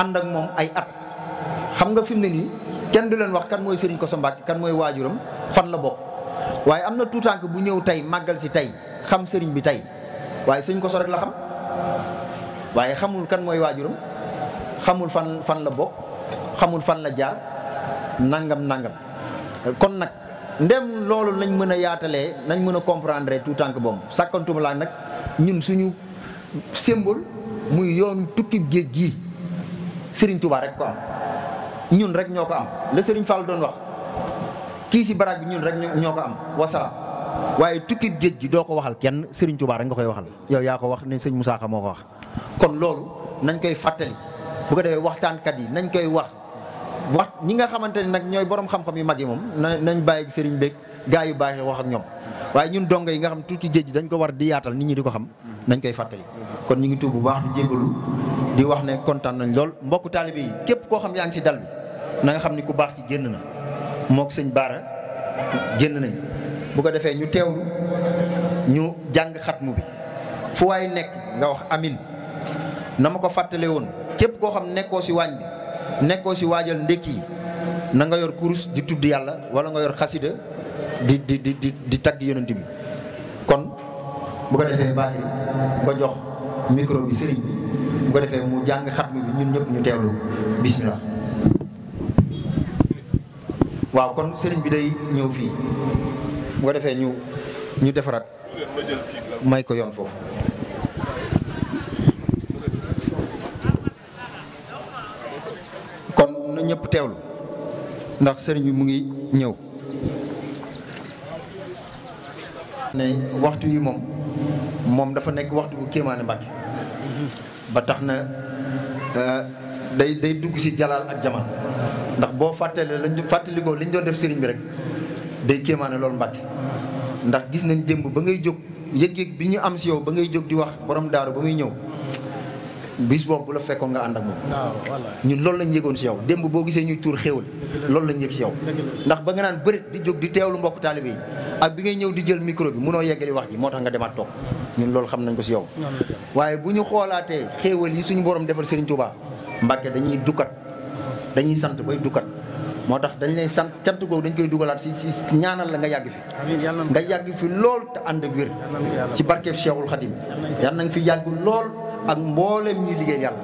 ànd ak moom ay at xam nga fi mu ne nii kenn du leen wax kan mooy ko Kosso Mbacke kan mooy waajuram fan la bokk waaye am na tuutànk bu ñëw tey màggal si tey xam sëriñ bi tey waaye Serigne ko sore la xam waaye xamul kan mooy waajuram xamul fan fan la bokk xamul fan la jaar nangam nangam kon nag ndem loolu nañ mën a yaatalee nañ mën a comprendre tuutànk boobu sàkkantuma laa nag ñun suñu symbole muy yoon tukki géej gii Serigne Touba rek ko am ñun rek ñoo ko am la Serigne Fall doon wax kii si baraag bi ñun rek ñoo ko am wasalaam waaye tukki géej gi doo ko waxal kenn sëriñ Touba rek nga koy waxal yow yaa ko wax ne sëñ Moussa Ka moo ko wax. kon loolu nañ koy fàttali bu ko defee waxtaankat yi nañ koy wax wax ñi nga xamante ne nag ñooy boroom xam-xam yu mag yi moom nañ bàyyi sëriñ beeg gaa yu baax wax ak ñoom. waaye ñun dongo yi nga xam tuuti géej gi dañ ko war di yaatal nit ñi di ko xam nañ koy fàttali li wax ne kontaan nañ lool mbokk taalibe yi képp koo xam yaa ngi si dal bi na xam ni ku baax ki génn na mook sëñ baara génn nañ bu ko defee ñu teew ñu jàng xatmu bi fu waay nekk nga wax amin na ma ko fàttalee woon képp koo xam nekkoo si waañ bi nekkoo si waajal ndékki yi na nga yor kurus di tudd yàlla wala nga yor xasida di di di di tagg yonent bi kon bu ko defee baax ba jox micro bi bu ko defee mu jàng xatmi bi ñun ñëpp ñu teewlu na waaw kon sëriñ bi day ñëw fii bu ko defee ñu ñu defaraat may ko yoon foofu. kon na ñëpp teewlu ndax sëriñ bi mu ngi ñëw. ne waxtu yi moom moom dafa nekk waxtu bu kéemaane Mbàkke ba tax na euh, day day dugg si jalaal ak jaman ndax boo fàttelee lañ fàttalikoo li ñu doon def sëriñ bi rek day kéemaane loolu mbàkke ndax gis nañ jëmb ba ngay jóg yëg-yëg bi ñu am si yow ba ngay jóg di wax borom daaru ba muy ñëw bis bob bu la fekkoon nga ànd ak moom ñun loolu lañ yëgoon si yow demb bo gisee ñuy tour xéwal lool lañ yegg ci yow ndax ba nga naan bërit di jog di teewlu mbokk taalibe yi ak bi ngay ñew di jël micro bi mëno yeggali wax ji motax nga demat tok ñun lool xam nañ ko ci yow waye bu ñu xoolaatee xewal yi suñu borom defal Serigne Touba mbacké dañuy dukkat dañuy sante bay dukkat motax dañ lay sant cant googu dañ koy dugalat ci ñaanal la nga yagg fi nga yagg fi lool ta and ak ci barkeeb Cheikhul Khadim yàlla na fi yagg lool ak mboolem ñi liggéey yalla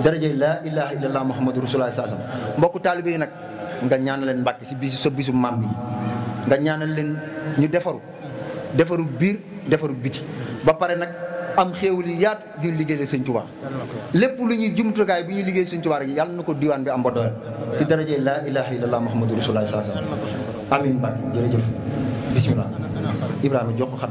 daraje la ilaha illallah muhammadur rasulullah sallallahu alaihi wasallam mbokk talibé nak nga ñaanal leen mbacké ci bisu so bisu maam bi nga ñaanal leen ñu défaru défaru biir défaru biti ba paré nak am xewul yaat ñu ñuy liggéeyal sëñ Tuubaa lépp lu ñuy jumtu gaay bu ñuy liggéey seigne touba rek yalla nako diwan bi am ba doyal ci daraje la ilaha illallah muhammadur rasulullah sallallahu alaihi wasallam amin mbàkk jërëjëf bismillah ibrahim jox ko xam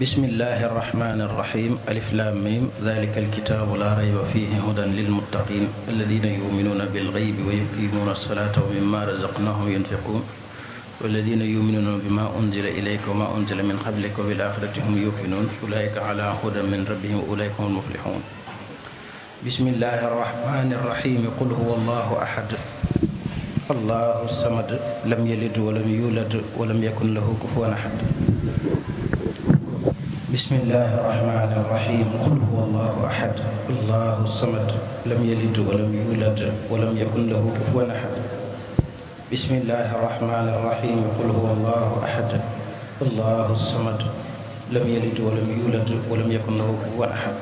بسم الله الرحمن الرحيم ألف لام ميم ذلك الكتاب لا ريب فيه هدى للمتقين الذين يؤمنون بالغيب ويقيمون الصلاة ومما رزقناهم ينفقون والذين يؤمنون بما أنزل إليك وما أنزل من قبلك وبالآخرة هم يوقنون أولئك على هدى من ربهم أولئك هم المفلحون بسم الله الرحمن الرحيم قل هو الله أحد الله الصمد لم يلد ولم يولد ولم يكن له كفوا أحد بسم الله الرحمن الرحيم قل هو الله أحد الله الصمد لم يلد ولم يولد ولم يكن له كفوا أحد بسم الله الرحمن الرحيم قل هو الله أحد الله الصمد لم يلد ولم يولد ولم يكن له كفوا أحد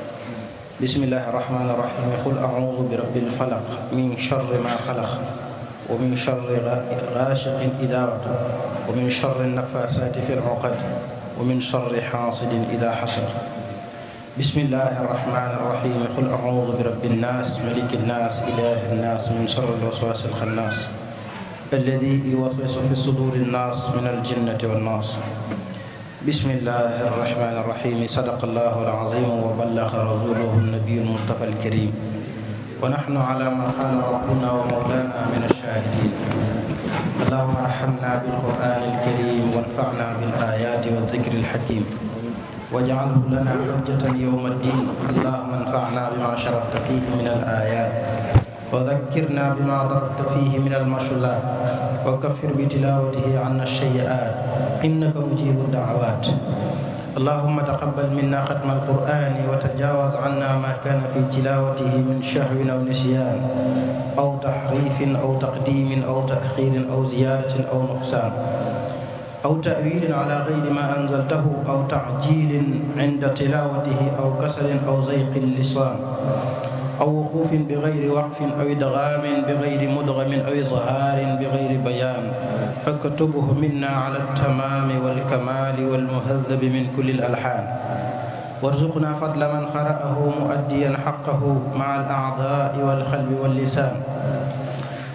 بسم الله الرحمن الرحيم قل أعوذ برب الفلق من شر ما خلق ومن شر غاشق إذا ومن شر النفاسات في العقد ومن شر حاصد إذا حسر بسم الله الرحمن الرحيم قل أعوذ برب الناس ملك الناس إله الناس من شر الوسواس الخناس الذي يوسوس في صدور الناس من الجنة والناس بسم الله الرحمن الرحيم صدق الله العظيم وبلغ رسوله النبي المصطفى الكريم ونحن على ما قال ربنا ومولانا من الشاهدين اللهم ارحمنا بالقرآن الكريم وانفعنا بالآيات والذكر الحكيم واجعله لنا حجة يوم الدين اللهم انفعنا بما شرفت فيه من الآيات وذكرنا بما ضربت فيه من المشلات وكفر بتلاوته عنا الشيئات إنك مجيب الدعوات اللهم تقبل منا ختم القرآن وتجاوز عنا ما كان في تلاوته من شهو أو نسيان أو تحريف أو تقديم أو تأخير أو زيادة أو نقصان أو تأويل على غير ما أنزلته أو تعجيل عند تلاوته أو كسل أو زيق اللسان أو وقوف بغير وقف أو إدغام بغير مدغم أو إظهار بغير بيان فاكتبه منا على التمام والكمال والمهذب من كل الألحان وارزقنا فضل من قرأه مؤديا حقه مع الأعضاء والقلب واللسان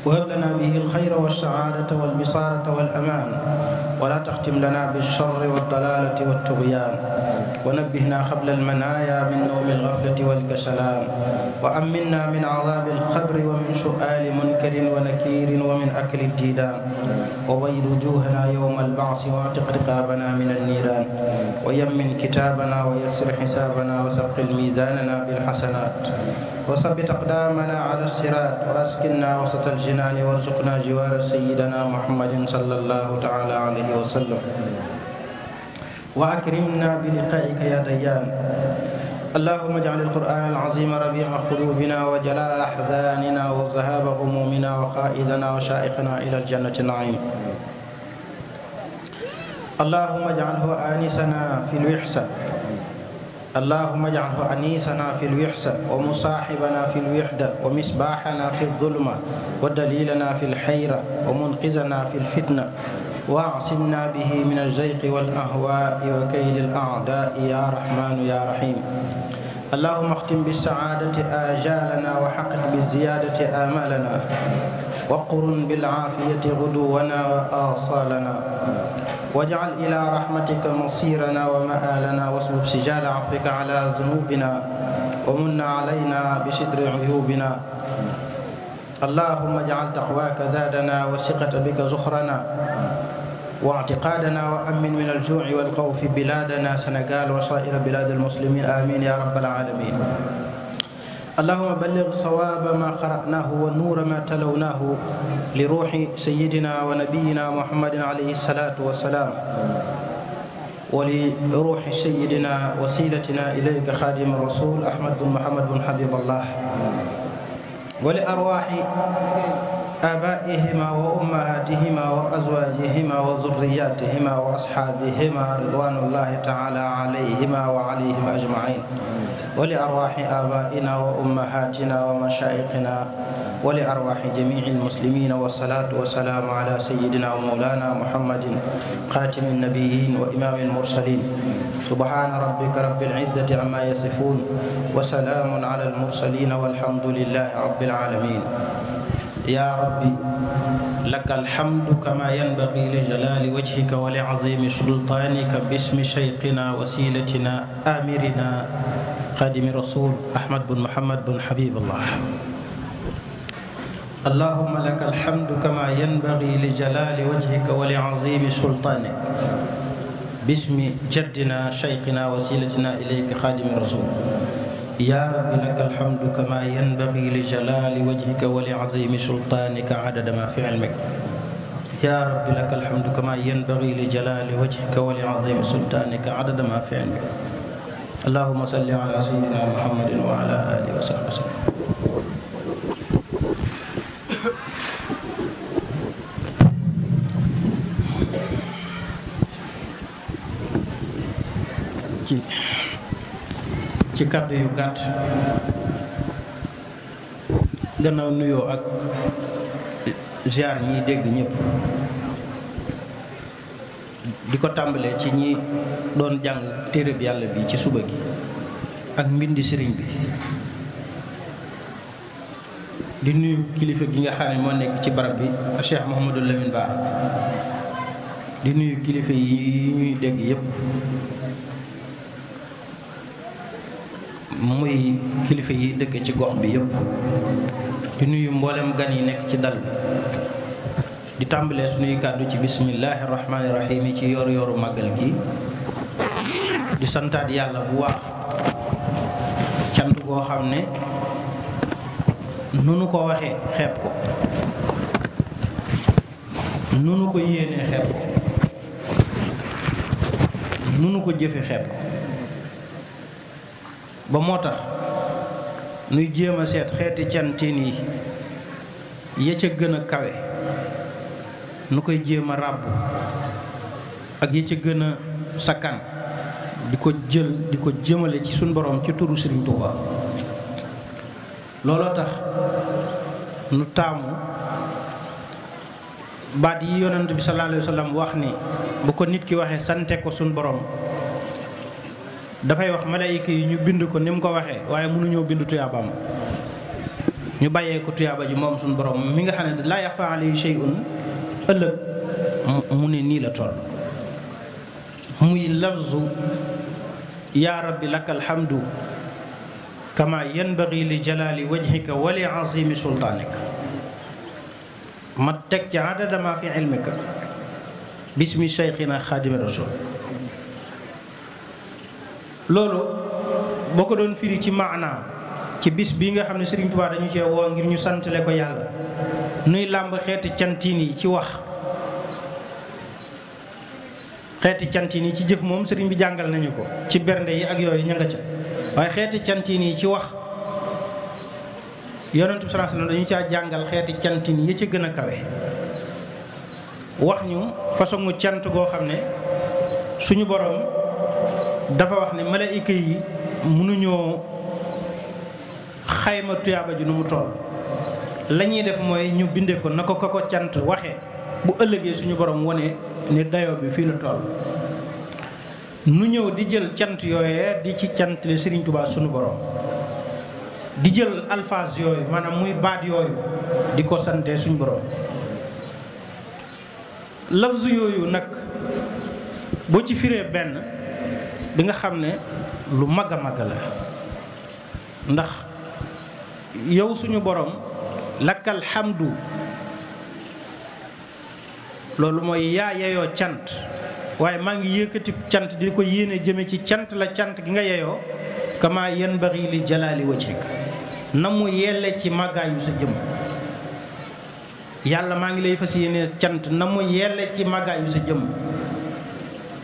وهب لنا به الخير والسعادة والبصارة والأمان ولا تختم لنا بالشر والضلالة والطغيان ونبهنا قبل المنايا من نوم الغفلة والكسلان وأمنا من عذاب القبر ومن سؤال منكر ونكير ومن أكل الديدان وبيض وجوهنا يوم البعث واعتق رقابنا من النيران ويمن كتابنا ويسر حسابنا وثقل ميزاننا بالحسنات وثبت أقدامنا على الصراط وأسكنا وسط الجنان وارزقنا جوار سيدنا محمد صلى الله تعالى عليه عليه وسلم وأكرمنا بلقائك يا ديان اللهم اجعل القرآن العظيم ربيع قلوبنا وجلاء أحزاننا وذهاب غمومنا وقائدنا وشائقنا إلى الجنة النعيم اللهم اجعله آنسنا في الوحسة اللهم اجعله أنيسنا في الوحسة ومصاحبنا في الوحدة ومصباحنا في الظلمة ودليلنا في الحيرة ومنقذنا في الفتنة واعصمنا به من الزيق والأهواء وكيد الأعداء يا رحمن يا رحيم اللهم اختم بالسعادة آجالنا وحقق بالزيادة آمالنا وقرن بالعافية غدونا وآصالنا واجعل إلى رحمتك مصيرنا ومآلنا واسلب سجال عفوك على ذنوبنا ومن علينا بستر عيوبنا اللهم اجعل تقواك زادنا وثقة بك زخرنا واعتقادنا وأمن من الجوع والخوف بلادنا سنغال وسائر بلاد المسلمين آمين يا رب العالمين اللهم بلغ صواب ما قرأناه ونور ما تلوناه لروح سيدنا ونبينا محمد عليه الصلاة والسلام ولروح سيدنا وسيلتنا إليك خادم الرسول أحمد بن محمد بن حبيب الله ولأرواح آبائهما وأمهاتهما وأزواجهما وذرياتهما وأصحابهما رضوان الله تعالى عليهما وعليهم أجمعين ولأرواح آبائنا وأمهاتنا ومشايخنا ولأرواح جميع المسلمين والصلاة والسلام على سيدنا ومولانا محمد خاتم النبيين وإمام المرسلين سبحان ربك رب العزة عما يصفون وسلام على المرسلين والحمد لله رب العالمين يا ربي لك الحمد كما ينبغي لجلال وجهك ولعظيم سلطانك باسم شيقنا وسيلتنا آمرنا خادم رسول أحمد بن محمد بن حبيب الله اللهم لك الحمد كما ينبغي لجلال وجهك ولعظيم سلطانك باسم جدنا شيقنا وسيلتنا إليك خادم رسول يا رب لك الحمد كما ينبغي لجلال وجهك ولعظيم سلطانك عدد ما في علمك يا رب لك الحمد كما ينبغي لجلال وجهك ولعظيم سلطانك عدد ما في علمك اللهم صل على سيدنا محمد وعلى آله وصحبه وسلم ci kàddu yu gàtt gannaaw nuyoo ak ziar ñiy dégg ñëpp di ko tàmbalee ci ñi doon jàng téereb yàlla bi ci suba gi ak mbindi sëriñ bi di nuyu kilifa gi nga xam moo nekk ci barab bi Cheikh Mouhamadou Lamine Ba di nuyu kilifa yi ñuy dégg yépp muy kilifa yi dëkk ci gox bi yëpp di nuyu mboolem gan yi nekk ci dal di tàmbalee suñuy kàddu ci bismillaahi rahmaani yi ci yoor yooru màggal gi di santaat yàlla bu waax cant koo xam ne nu nu ko waxe xeeb ko nu nu ko yéenee xeeb ko nu nu ko jëfe xeeb ko ba moo tax nuy jéem a seet xeeti cantiin yi ya ca gën a kawe nu koy jéem a ràbb ak ya ca gën a sakkan di ko jël di ko jëmale ci suñ borom ci turu Sëriñ Tuuba looloo tax nu taamu baat yi yonent bi sallallahu alayhi wax ni bu ko nit ki waxee sante ko suñ borom dafay wax malaayika yi ñu bind ko ni mu ko waxee waaye mënuñoo bind tuyaabaam ñu bàyyee ko tuyaaba ji moom suñu borom mi nga xam ne laa yaxfaa alayhi shay'un ëllëg mu ne nii la toll muy lafzu yaa rabbi laka alhamdu kama yanbaghi li jalaali wajhika wa li azimi sultaanika ma teg ci adada ma fi ilmika bismi shaykhina xaadimi rasul loolu boo ko doon firi ci maanaa ci bis bii nga xam ne Serigne Touba dañu cee woo ngir ñu santale ko yàlla nuy làmb xeeti cantiin yi ci wax xeeti cantiin yi ci jëf moom sëriñ bi jàngal nañu ko ci bernde yi ak yooyu ña nga ca waaye xeeti cantiin yi ci wax yonent bi sallallahu dañu caa jàngal xeeti cantiin yi ca gën a kawe wax ñu façon cant goo xam ne suñu boroom dafa wax ne malaayika yi mënuñoo xayma tuyaaba ji nu mu toll la ñuy def mooy ñu bindee ko na ko ko cant waxee bu ëllëgee suñu borom wone ni dayoo bi fii la toll nu ñëw di jël cant yooyee di ci cant le Sëriñ suñu borom di jël alphase yooyu maanaam muy baat yooyu di ko sante suñu boroom lafzu yooyu nag boo ci firee benn di nga xam ne lu mag a mag la ndax yow suñu boroom lakkal xamdu loolu mooy yaa yeyoo cant waaye maa ngi yëkkati cant di ko yéene jëme ci cant la cant gi nga yeyoo kama yanbaghi li jalaali wajhik na mu yelle ci màggaayu sa jëm yàlla maa ngi lay fas yéene cant na mu yelle ci màggaayu sa jëm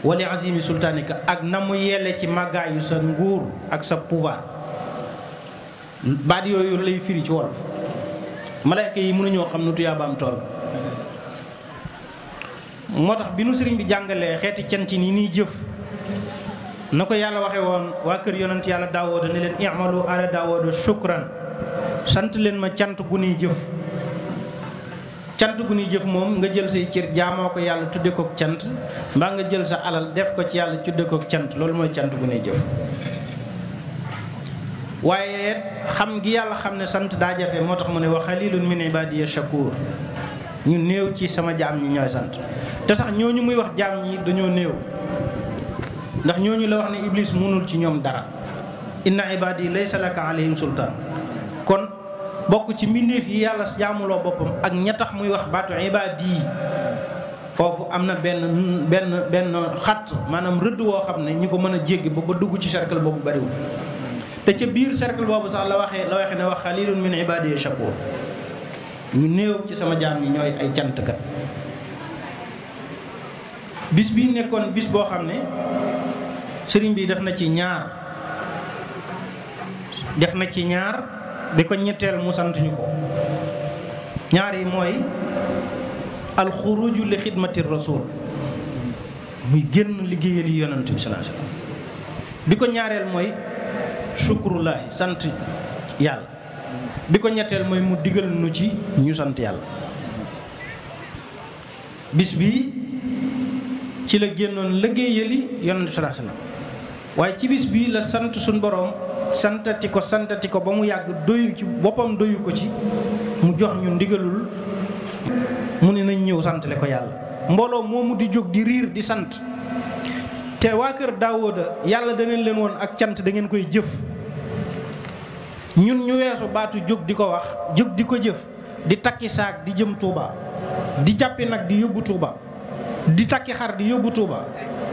wali azimi sultanika ak na mu yelle ci màggaayu sa nguur ak sa pouvoir baat yooyu lay firi ci wolof malayka yi mënuñoo xam nu tuyaabaam tool moo tax bi nu sëriñ bi jàngalee xeeti cant yi ni ñuy jëf na ko yàlla waxe woon waa kër yonent yàlla daawooda ne leen i'malu ala daawooda shukran sant leen ma cant gu nuy jëf cant gu ñuy jëf moom nga jël say ciir jaamo ko yalla tudde ko cant ba nga jël sa alal def ko ci yalla tudde ko cant loolu moy cant gu ñuy jëf waye xam gi yalla xam ne sant da jafé motax mu ne wa khalilun min ibadiya shakur ñu neew ci sama jaam ñi ñoy sant te sax ñoñu muy wax jaam ñi dañu neew ndax ñoñu la wax ne iblis mënul ci ñom dara inna ibadi laysa laka alayhim Sultan, kon bokku ci mbindeef yi yalla jamulo bopam ak ñatax muy wax batu ibadi fofu amna ben ben ben benn benn xat maanaam rëdd wo xamne ñiko ñi ko ba ba dugg ci cercle bari wu te ci biir cercle bobu sax la la ne wax khalilun min ibadi shakur ñu neew ci sama jaam ñi ñoy ay kat bis bi nekkon bis bo xamne serigne bi def na ci ñaar def na ci ñaar bi ko ñetteel mu sant ñu ko ñaar yi mooy alxuruju li xidmati rasul muy génn liggéeyal yi yonent bi sallallahu alayhi bi ko ñaareel mooy shukrulaahi sant yàlla bi ko ñetteel mooy mu digal nu ci ñu sant yàlla bis bi ci la génnoon liggéeyali yonent bi sallallahu alayhi waaye ci bis bi la sant suñ boroom santati ko santati ko ba mu yàgg doyu ci boppam doyu ko ci mu jox ñu ndigalul mu ne nañ ñëw santale ko yàlla mbooloo moomu di jóg di riir di sant te waa kër Daawuda yàlla daneen leen woon ak cant da ngeen koy jëf ñun ñu weesu baatu jóg di ko wax jóg di ko jëf di takki saak di jëm Touba di jàppi nag di yóbbu Touba di takki xar di yóbbu Touba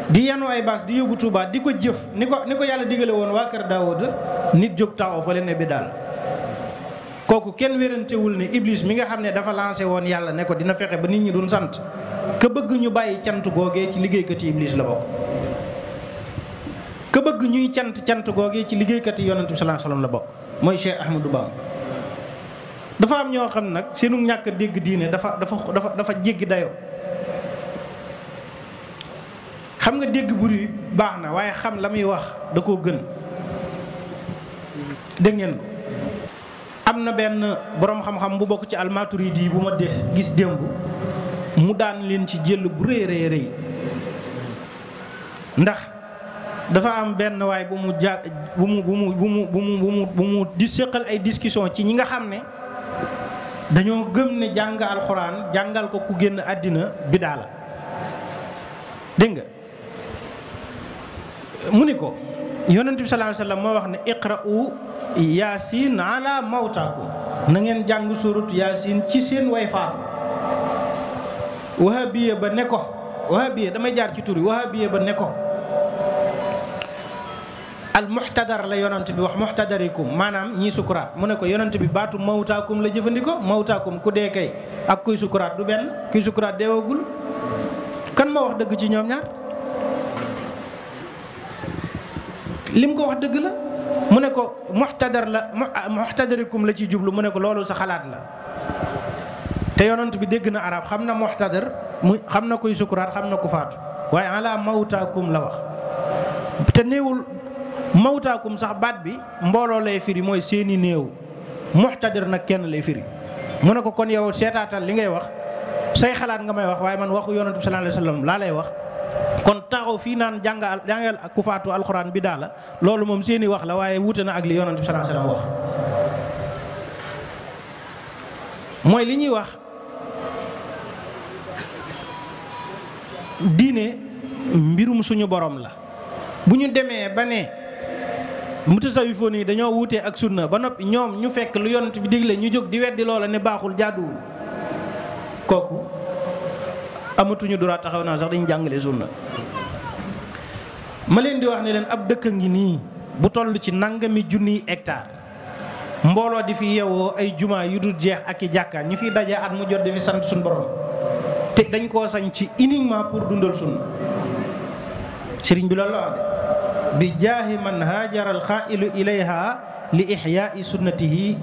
di yanu ay baas di yóbbu Touba di ko jëf ni ko ni ko yàlla digale woon waa kër Daawud nit jóg taxaw fa leen ne bi daal kooku kenn wérantewul ne Iblis mi nga xam ne dafa lancé woon yàlla ne ko dina fexe ba nit ñi duñ sant ka bëgg ñu bàyyi cant googee ci liggéeykati Iblis la bokk. ka bëgg ñuy cant cant googee ci liggéeykati yonent bi sallallahu alayhi wasallam la bokk mooy Cheikh Ahmadou Bamba dafa am ñoo xam nag seenu ñàkk dégg diine dafa dafa dafa dafa jéggi dayoo. xam nga dégg bruit baax na waaye xam la muy wax da koo gën dégg ko am na benn boroom xam-xam bu bokk ci almaturidi bu ma de gis démb mu daan leen ci jël bu rëy rëy ndax dafa am benn waay bu mu ja bu mu bu mu bu mu bu mu di séqal ay discussion ci ñi nga xam ne dañoo gëm ne jàng alxuraan jàngal ko ku génn àddina bi daala dégg nga mu ni ko yonent bi sallallahu moo wax ne iqra'u yaasin ala mawtaakum na ngeen jàng surut yaasin ci seen way faatu wahabiya ba ne ko wahabiya damay jaar ci tur yi ba ne ko al muxtadar la yonent bi wax muxtadarikum maanaam ñii sukuraat mu ne ko yonent bi baatu mawtaakum la jëfandikoo mawtaakum ku dee kay ak kuy sukuraat du benn kuy sukuraat deewagul kan moo wax dëgg ci ñoom ñaar lim ko wax dëgg la mu ne ko muxtadar la muxtadarikum la ci jublu mu ne ko loolu sa xalaat la te yonent bi dégg na arab xam na muxtadar mu xam na koy sukuraat xam na ku faatu waaye ala mawtaakum la wax te néewul mawtaakum sax baat bi mbooloo lay firi mooy seeni néew muxtadir nag kenn lay firi mu ne ko kon yow seetaatal li ngay wax say xalaat nga may wax waaye man waxu yonent bi sallallahu alayhi wa sallam laa lay wax kon taxaw fii naan jàngal jàngal ku faatu alxuraan bi daala loolu moom seeni wax la waaye wuute na ak li yonent bi sallallahu alayhi wasallam wax mooy li ñuy wax diine mbirum suñu boroom la bu ñu demee ba ne mutasawifoon yi dañoo wuute ak sunna ba noppi ñoom ñu fekk lu yonent bi digle ñu jóg di weddi loola ne baaxul jàdduwul kooku amatuñu dura taxaw na sax dañu jangalé sunna ma leen di wax ne leen ab dekk ngi ni bu toll ci nangami jooni hectare mbolo di fi yeewoo ay juma yu dul jeex ak i jàkka ñu fiy daje at mu jot di fi sant sun borom te dañ ko sañ ci uniquement pour dundal sunna serigne bi la la bi jaahi man haajara kha'il ilayha li ihya'i sunnatihi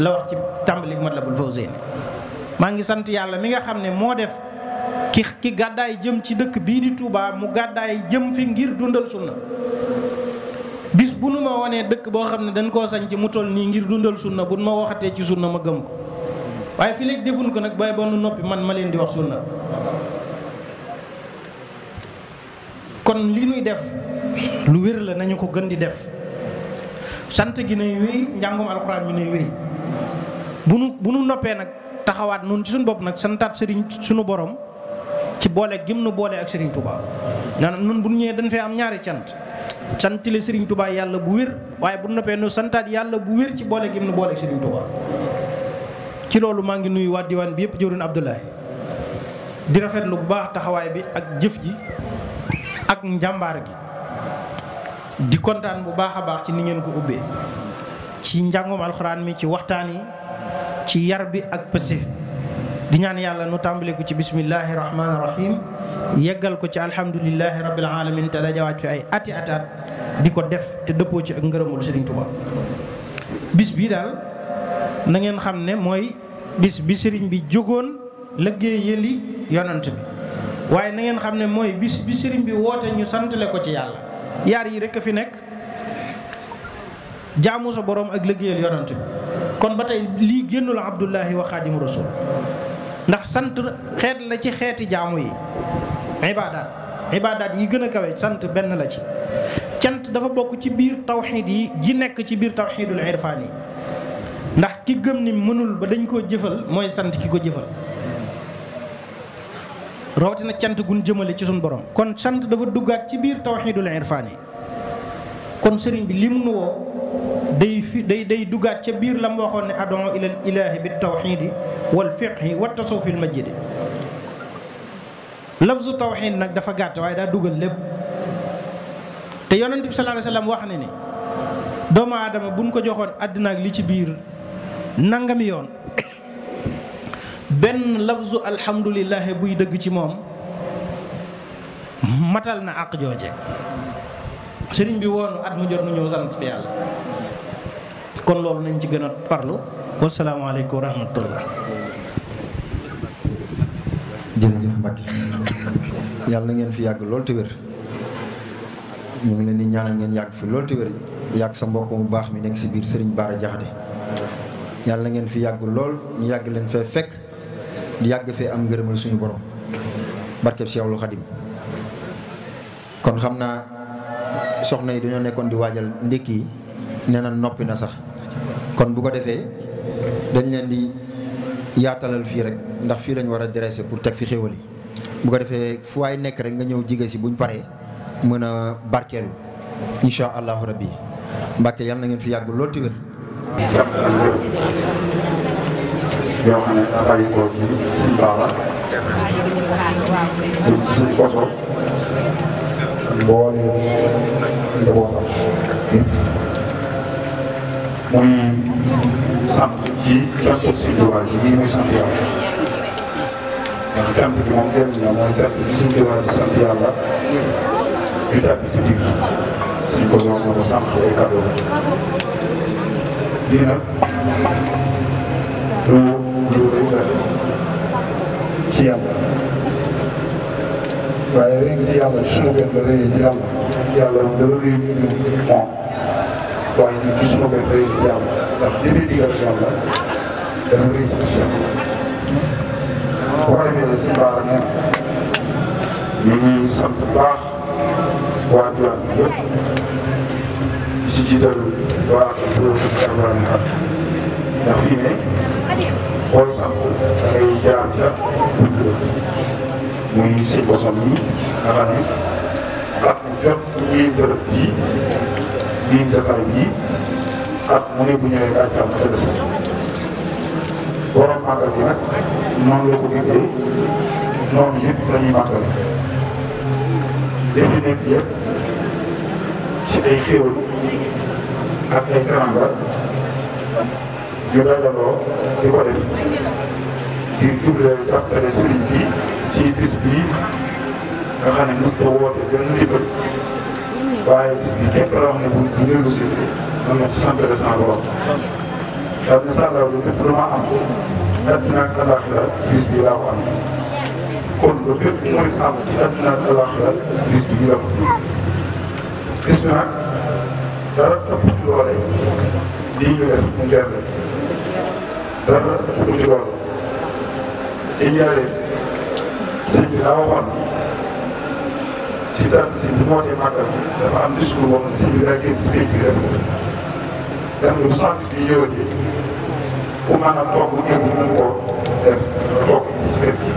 la wax ci tambali Matlabul Fawzeyni maa ngi sant mi nga xamne mo def ki ki gàddaay jëm ci dëkk bii di Touba mu gàddaay jëm fi ngir dundal sunna bis bu nu ma wanee dëkk boo xam ne dañ ko sañ ci mu toll nii ngir dundal sunna bu nu ma waxatee ci sunna ma gëm ko waaye fi léegi defuñ ko nag bay ba nu noppi man ma leen di wax sunna kon li nuy def lu wér la nañu ko gën di def sant gi nay wéy njàngum alxuraan bi nay wéy bu nu bu nu noppee nag taxawaat noonu ci suñu bopp nag santaat sëriñ sunu borom ci boole gim nu boole ak Serigne Touba nan nun bu ñëw dañ fay am ñaari tianti le Serigne Touba yalla bu wir waye bu noppee gimno santat yalla bu wir ci boole gim nu boole ak Serigne Touba ci lolu ma ngi nuyu waa diwan bi yépp abdullah di rafet lu baax taxaway bi ak jëf ji ak njambar gi di kontaan bu baaxa baax ci ni ngeen ko ubbé ci njangum alcorane mi ci waxtani ci yar bi ak pësif di ñaan yalla nu tàmbale ko ci bismillahir rahmanir rahim yegal ko ci alhamdulillahi rabbil alamin ta fi ay ati atat di def te depo ci ak Serigne Touba bis bi dal na ngeen xamne moy bis bi Serigne bi liggey yeli yonent bi waye na ngeen xamne moy bis bi Serigne bi wote ñu santale ko ci yalla yar yi rek fi nek jaamu sa borom ak liggeyal yonent bi kon batay li gennul abdullah Abdullahi wa khadim Rasul ndax sant xeet la ci xeeti jaamu yi ibaadaat ibaadaat yi gën a kawe sant benn la ci cant dafa bokk ci biir tawxiid yi ji nekk ci biir tawxiidul irfaan yi ndax ki gëm ni mënul ba dañ koo jëfal mooy sant ki ko jëfal rawatina cant gun jëmale ci suñu borom kon sant dafa duggaat ci biir tawxiidul irfaan yi kon sëriñ bi li mu woo day fi day day dugaat ca biir la waxoon ne adon ilal ilaahi bi tawxiidi wal fiqhi wa tasawufil majidi lafzu tawxiid nag dafa gàtt waaye daa dugal lépp te yonent bi sallallahu wax ne ni doomu aadama buñ ko joxoon àddina li ci biir nangami yoon benn lafzu alhamdulillahi buy dëgg ci moom matal na àq jooje sëriñ bi woonu at mu jot mu ñëw sant fi yàlla kon loolu nañ ci gëna a farlu assalamu wa rahmatullah jërëjëf Mbacke yàlla na ngeen fi yag lool te wër ñu ngi leen di ñaanal ngeen yag fi lool te wër yag sa mbokk mu baax mi nek ci biir Serigne Bara jaxde yalla ngeen fi yag lool ñu yag leen fe fek di yag fe am ngërëmal suñu borom ci yawlu khadim kon xamna soxna yi dañu nekkon di wajal ndiki nena nopi na sax kon bu ko defee dañ leen di yaatalal fii rek ndax fii lañ war a dresser pour teg fi xéwal yi bu ko defee fu waay nekk rek nga ñëw jige si buñ paree mën a barkeelu incha allahu rabbi mbàkke yal na ngeen fi yàgg lool ti muy sant ci cantu Sëñ Tuubaa gi muy sant yàlla ndax cant gi moom kenn ñoom mooy cant gi Sëñ Tuubaa di sant yàlla ñu tàbbi ci digg suñ ko doon mën a sant ay cadeau lii nag du lu rëy la ci yàlla waaye rëy gi ci yàlla ci suñu benn rëy ci yàlla yàlla moom dara rëy moom. waaye ñun ci suñu mbéy mi di yàlla ndax jëfee digal yàlla dafa rëy yàlla bu ko defee si baara nee na ñu ngi sant bu baax waa diwaan bi yëpp di ci jiital waa diwaan bi ak ndax fii ne booy sant da ngay jaar ca bunt muy seen bosom yi nga xam ne at mu jot ñuy bërëb bii. biir jotaay bii at mu ne bu ñëwee ak jàmm ca des borom màggal nag noonu la ko déggee noonu yëpp la ñuy màggale li fi nekk yëpp ci ay xéwal ak ay teranga ñu dajaloo di ko ngir jublee jàppale sëriñ bi ci bis bii nga xam ne gis nga woote benn ndimbal waaye bis bi képp loo xam ne bu bu dellu si mën na ci sant la sant borom daal di sàllaaw lu lépp lu ma am adduna ak alaxira bis bi laa ko am kon lu bépp murit am ci adduna ak alaxira bis bi la ko bis bi nag dara ëpp ci doole lii ñu def mu gerte dara ëpp ci doole te ñaareel sëñ bi daa waxoon ni ci tas si bu mootee màggal dafa am discours boo xam ne si biir daa génn ci pénc bi def ko. nga xam ne bu sant bi ñëwatee ku maanaam toog ngir mën koo def nga toog ci kër gi.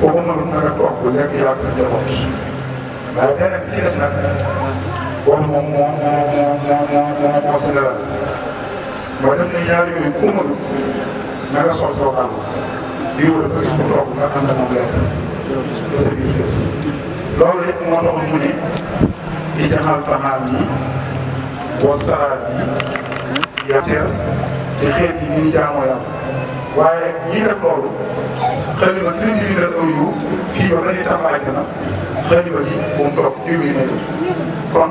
kooku mënul naka toog ba lekk yaa sa njaboot waaye beneen bi ci des nag kon moom moo moo moo moo moo moo généralisé mooy def na ñaar yooyu ku mënul na nga sol soo xam lii war a bëri su ko toog nga ànd ak moom lekk. loolu rek moo taxoon mu ne di jaxal taxaam yi wasaraat yi yater ci xeet yi ñu ngi jaamoo yàlla waaye ñi def loolu xalima tënk bi dal aw yu fii ba ba ñuy tàmbaaj na xalima ji bu mu toog jiw yi kon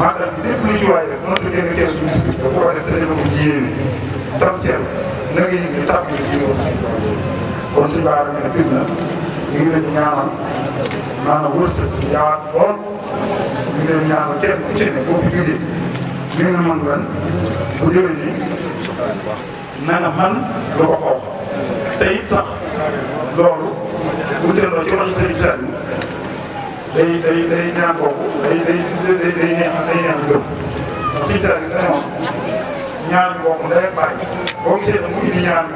màggal bi lépp lu ci waay def mënatu génn kees bu miski da ko war a def dana ko ci yéene tansiel na nga yëg ne tàbbi ci biir kon si baara ñu ne pir na ñu ngi a wërsëg yaatu lool ñu ngi leen ñaanal kenn ku ci ne boo fi jógee li nga mën ren bu déwén nii na loolu bu delloo ci wàllu sëriñ Saliou day day day ñaan boobu day day day day neex day neex gëm ndax sëriñ Saliou dana moom ñaan boobu day bàyyi boo gisee mu indi ñaan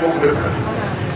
yooyu ndax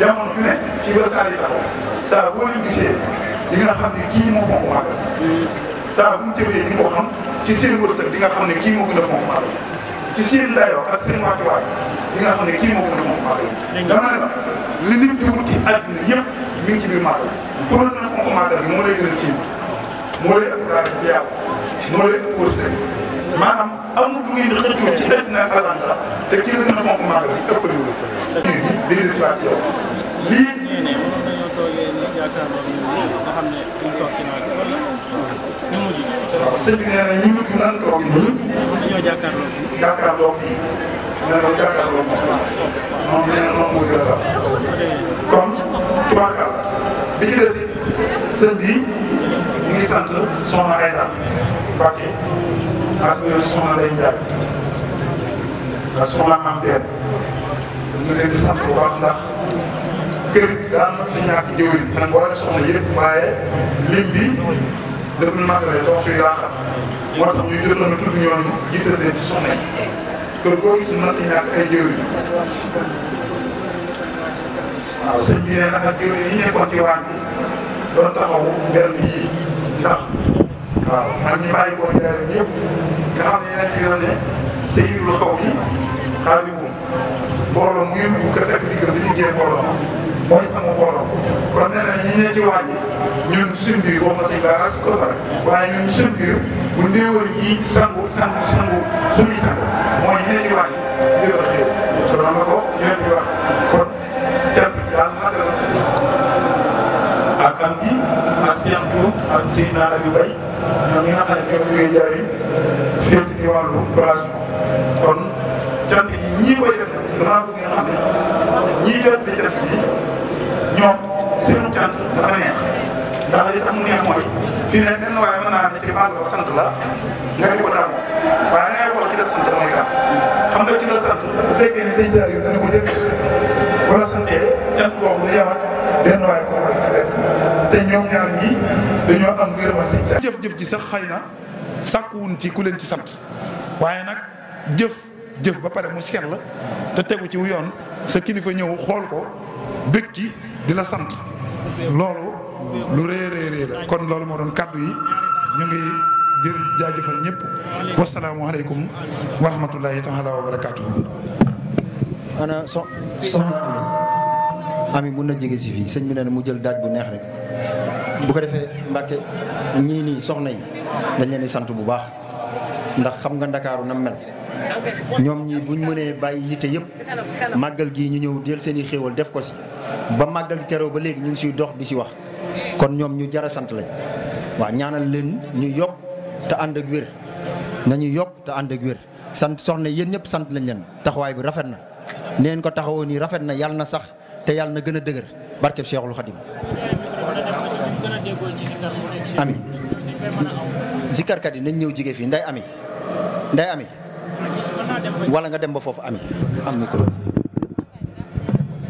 jamono ju ne fii ba saa yi taxaw saa boo leen gisee di nga xam ne kii moo fonk màggal saa bu ñu jëfee di nga ko xam ci seen wërsëg nga xam ne kii moo gën a fonk màggal ci seen dayoo xam ne kii moo gën a fonk màggal dama li nit di wut ci àddina yëpp mi ngi ci biir màggal ku la gën a fonk màggal moo lay gën a siiw moo lay ëpp daal ci yàlla moo lay ëpp wërsëg maanaam amul lu muy xëccoo te ki la gën a fonk màggal bi ëpp réew la ko. lii bi ci waat yow lii. waaw sëñ nee na mujj na jàkkaarloo moom. moom nee na moom moo gën a taal. kon tubaarkàll bi ci des it sëñ bi ñu ngi sant son Aïda Mbacke ak soxna Ndeye Ndiaye ak soxna Mame Pène ñu leen di sant bu baax ndax kër daan na ñàkk jëwriñ nag boole soxna yëpp waaye lim bi def na matériel te waxtu yi moo tax ñu jotoon a tudd ñooñu jiital leen ci soxna yi kër goo gis natt ñàkk ay jëwriñ waaw sëñ bi nee na ak jëwriñ yi nekkoon ci waañ bi doon taxawu benn yii ndax. waaw ak ñi bàyyi ko jaare ñëpp nga xam ne yeneen ci yoon ne sayyidul xawmi xaalimuhum mbooloo mu yëngu ko tekk digal dañuy génn mbooloo mooy sama mbooloo kon nee na ñi ñee ci wàññi ñun suñu biir boobu nga ko sara waaye ñun suñu biir bu ndéewoon ñi sangu sangu sangu suñuy sangu mooy ñi ci wàññi ngir la xëy kon la ko ñoom di wax kon jant bi daal naka la ak am gi ak seen yu bay ñoom ñi nga xam ne ñoo jógee jaari féete ci wàllu placement kon cant yi ñii koy def damaa bëgg ngeen xam ne ñii jot di cant yi ñoom seenu cant dafa neex ndax li tax mu neex mooy fii ne benn waaye mën naa ne ci màgg ba sant la nga di ko dàmm waaye da ngay xool ki la sant mooy kan xam nga ki la sant bu fekkee ni say saar yi dana ko jëriñ wala santee cant boobu du yem ak benn waaye ko def te am ngërëmal sëñ Seex jëf-jëf ci sax xëy na sàkkuwun ci ku leen ci sant waaye nag jëf jëf ba pare mu seet la te tegu ci wu yoon sa kilifa ñëw xool ko bëgg ci di la sant loolu lu rëy rëy rëy kon loolu moo doon kàddu yi ñu ngi jër jaajëfal ñëpp wasalaamualeykum wa rahmatullahi taala wa barakatuhu so soxna ami mun na jege si fii sëñ bi nee na mu jël daaj bu neex rek bu ko defee Mbàkke ñii nii soxna yi dañ leen di sant bu baax ndax xam nga ndakaaru nam mel ñoom ñii buñ mënee bàyyi te yëpp màggal gii ñu ñëw del seeni i xéewal def ko ci ba màggal teroo ba léegi ñu ngi siy dox bi ci wax kon ñoom ñu jara sant lañ waaw ñaanal leen ñuy yokk te ànd ak wér ñuy yokk te ànd ak wér sant soxna yéen ñëpp sant lañ leen taxawaay bi rafet na neen ko taxawoo nii rafet na yàlla na sax te yàlla na gën a dëgër barkeb Seexul Xadim ami zikar kat yi nañ ñëw jige fi nday ami nday ami wala nga dem ba fofu ami am micro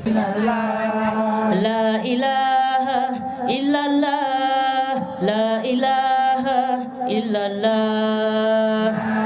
la ilaha illallah la ilaha illa illallah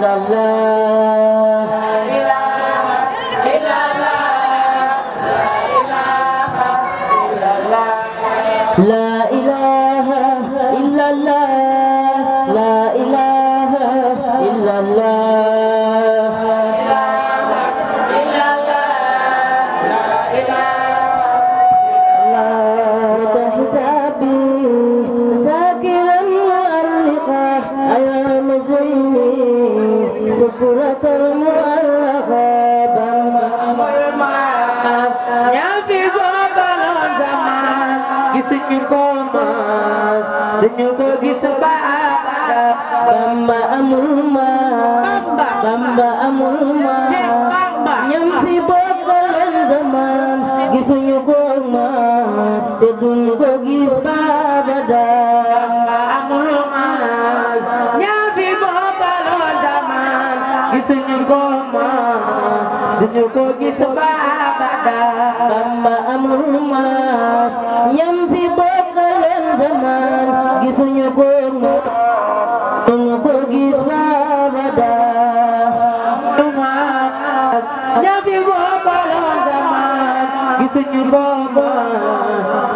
la la suyu mas Tidun kogis babada Amul mas Nyabi botalo zaman Gisuyu mas Tidun kogis babada Tamba amul mas Nyamfi botalo zaman Gisuyu mas Tidun kogis babada senyubama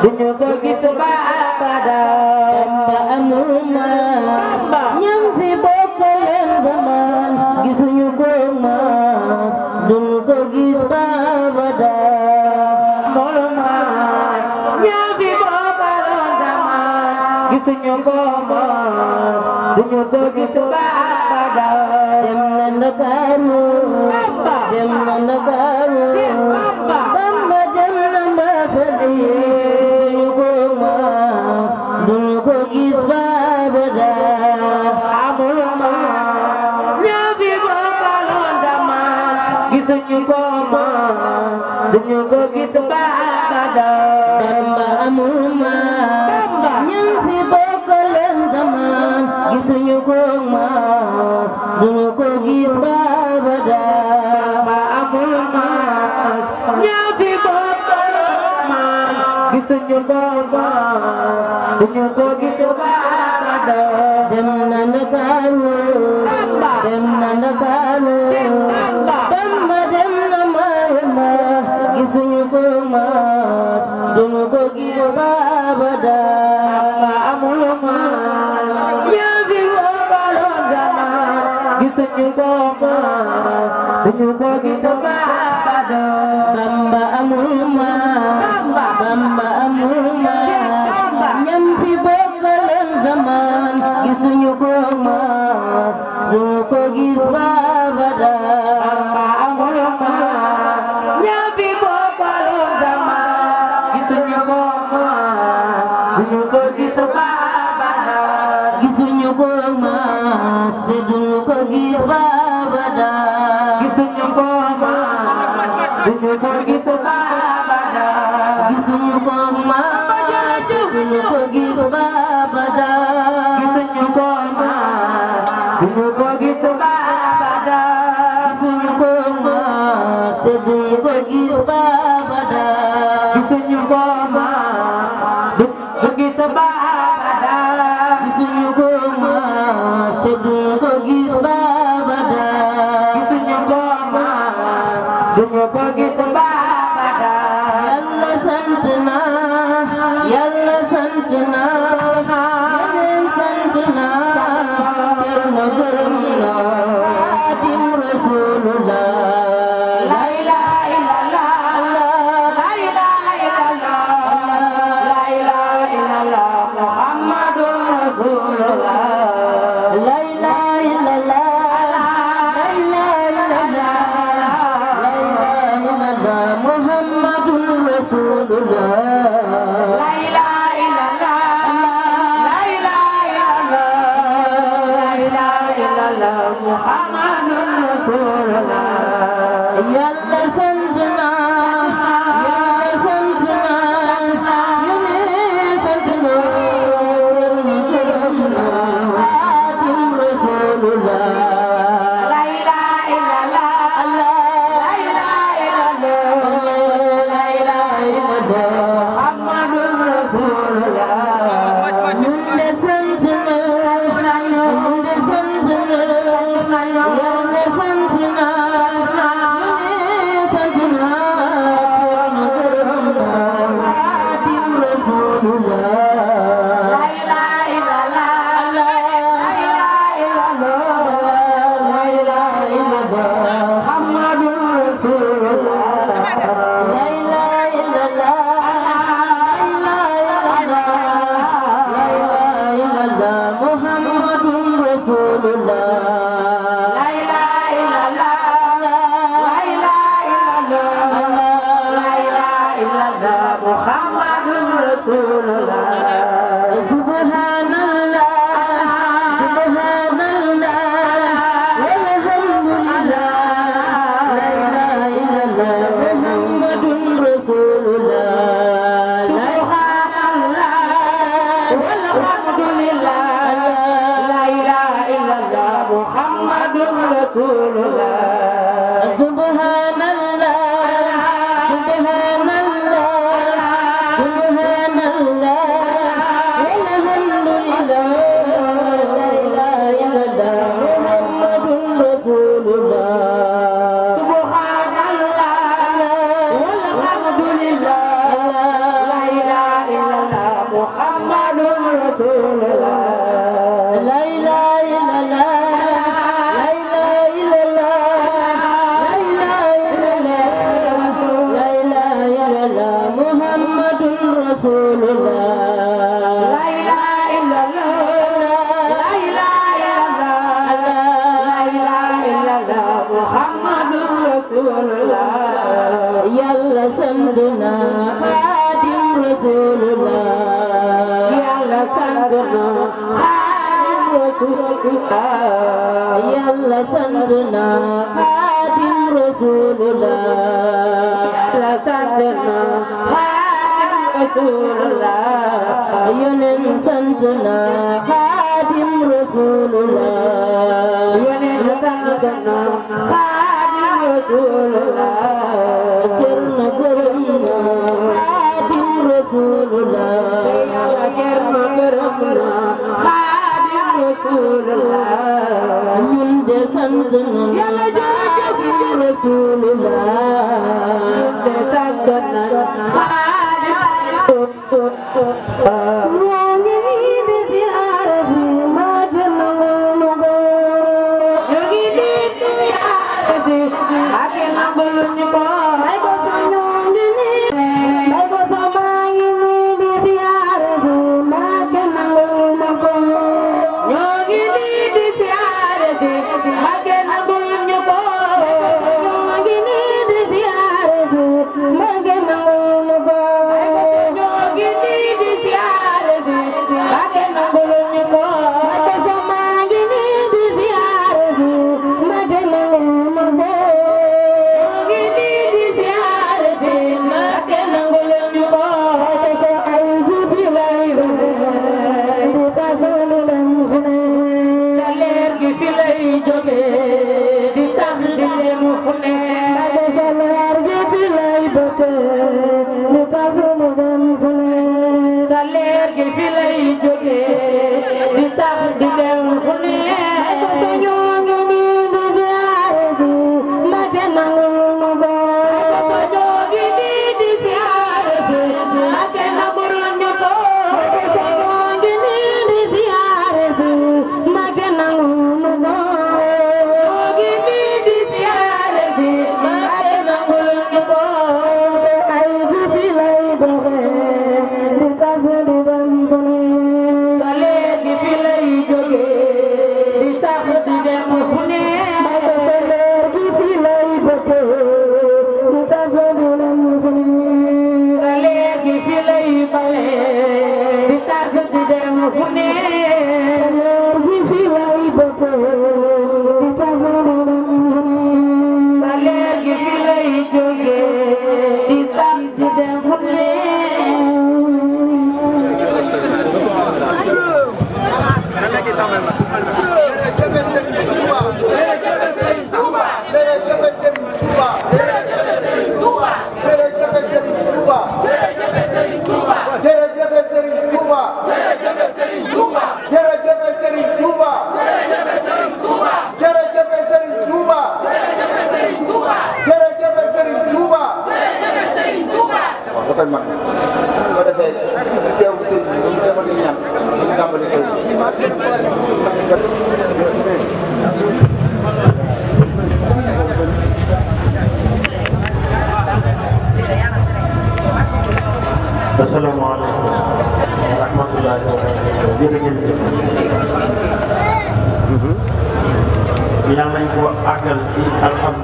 Dinyogogi sebaa pada Tamba amuma Nyamfi boko yang zaman Gisunya gomas Dun kogis pada Moloma nyambi boko yang zaman Gisunya gomas Dunya kogis sebaa pada Dem nanda karu Dem gisuñu ko moom duñu ko gis ba abada Bamba amul maas ñun fi bokk leen zaman gisuñu ko maas duñu ko gis ba abada Bamba amul maas ñun fi bokk leen zaman gisuñu ko maas duñu ko gis ba abada dem na Ndakaaru dem na Ndakaaru gisuñu ko mas duñu ko gis ba abada amma amul mas ñu fi wokkaloon zaman gisuñu ko mas duñu ko gis ba abada bamba amul mas bamba amul mas ñam fi bokkaloon zaman gisuñu ko mas duñu ko gis ba abada la sant na xaadim rasulullah la sant na xaadim rasulullah yonen sant na xaadim rasulullah yonen sant na xaadim rasulullah cër na gërëm na xaadim rasulullah yàlla cër na gërëm na rasulullah ñun de sant nañu yàlla jërëjëf rasulullah ñun de sant nañu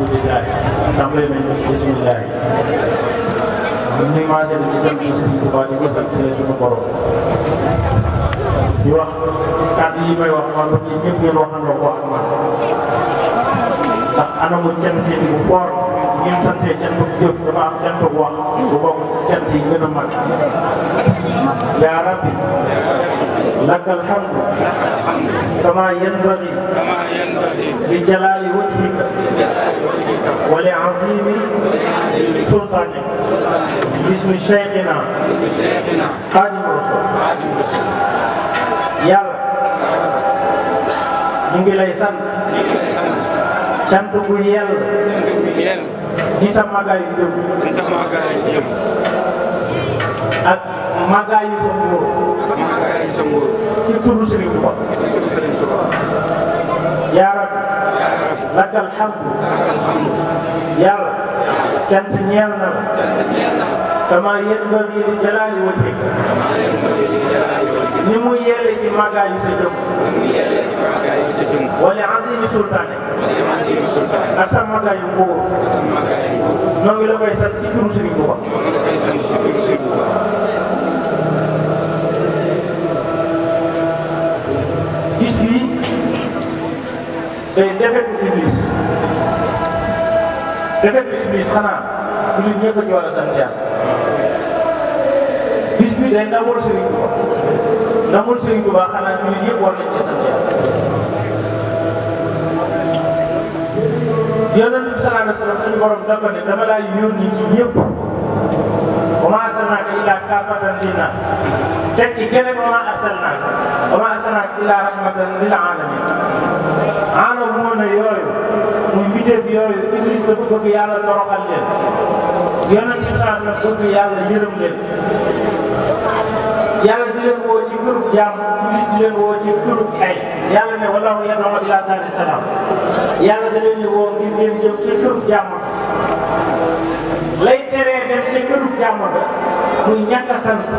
alhamdulilah tàmbale nañ ko ci bisimilah ñun ñu commencé di sant suñu Tuubaa di ko sant suñu borom di wax kàddu yi may wax man ba ñun ñëpp ngeen waxandoo ko ak man ndax anamu cant yi bu fort ngeen santee cant bu jëf dafa am cant bu wax bu bokk cant yi gën a mag yaa rabbi لك الحمد كما ينبغي لجلال وجهك ولعظيم سلطانك باسم شيخنا خادم الرسول يلا ñu ngi lay sant sant bu yell di sa magaayu jëm ak magaayu sa nguur sa nguur ci turu Serigne Touba ci turu Serigne Touba yaa rab lakal hamdu yàlla cant ñeel na la kama yanbaghi li jalaali wajhika ni mu yelle ci màggaayu sa jëm wala azimi sultaane ak sa màggaayu nguur ñoo ngi la koy sant ci turu Serigne Touba tey defetu iblis defetu iblis xanaa du nit ñëpp a ci war a sant yàlla bis bi day ndamul Serigne Touba ndamul Serigne Touba xanaa du nit ñëpp war nañ cee sant yàlla. yonent bi sallallahu alayhi wa sallam suñu borom dafa ne dama laay yónni ci ñëpp. wa maa arsalnaaka illaa kaafatan linnaas teg ci gën a wa maa arsalnaaka wa maa arsalnaaka illaa rahmatan lil aalamiin alam moo ne yooyu muy mbindeef yooyu Iblis dafa bëgg yàlla toroxal leen yonent bi sax na bëgg yàlla yërëm leen yàlla di leen woo ci kërub jàmm Iblis di leen woo ci kërub ay yàlla ne wallahu yad'u ilaa daari salaam yàlla da leen di woo ngir ngeen jëm ci kërub jàmm lay tere këru jàmm la muy ñàkk a sant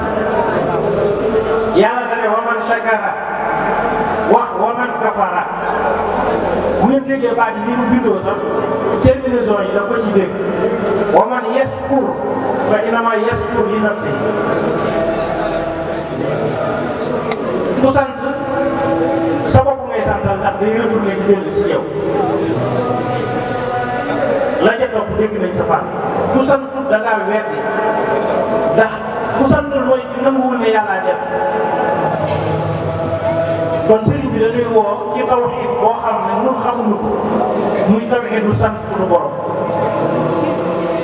yàlla da ne waman shakara wax waman kafara bu ngeen baat yi ni mu bindoo sax terminaison yi da ko ci dégg waman yaskur fa innama yaskur li nafsi ku sant sa bopp ngay santal ndax day retourné si yow la ca topp dégg nañ sa ku santul da ngaa weddi ndax ku santul mooy nanguwul ne yàllaa def kon sëriñ bi dañuy woo ci tawxiid boo xam ne ñun xamuñu ko muy tawxiidu sant suñu borom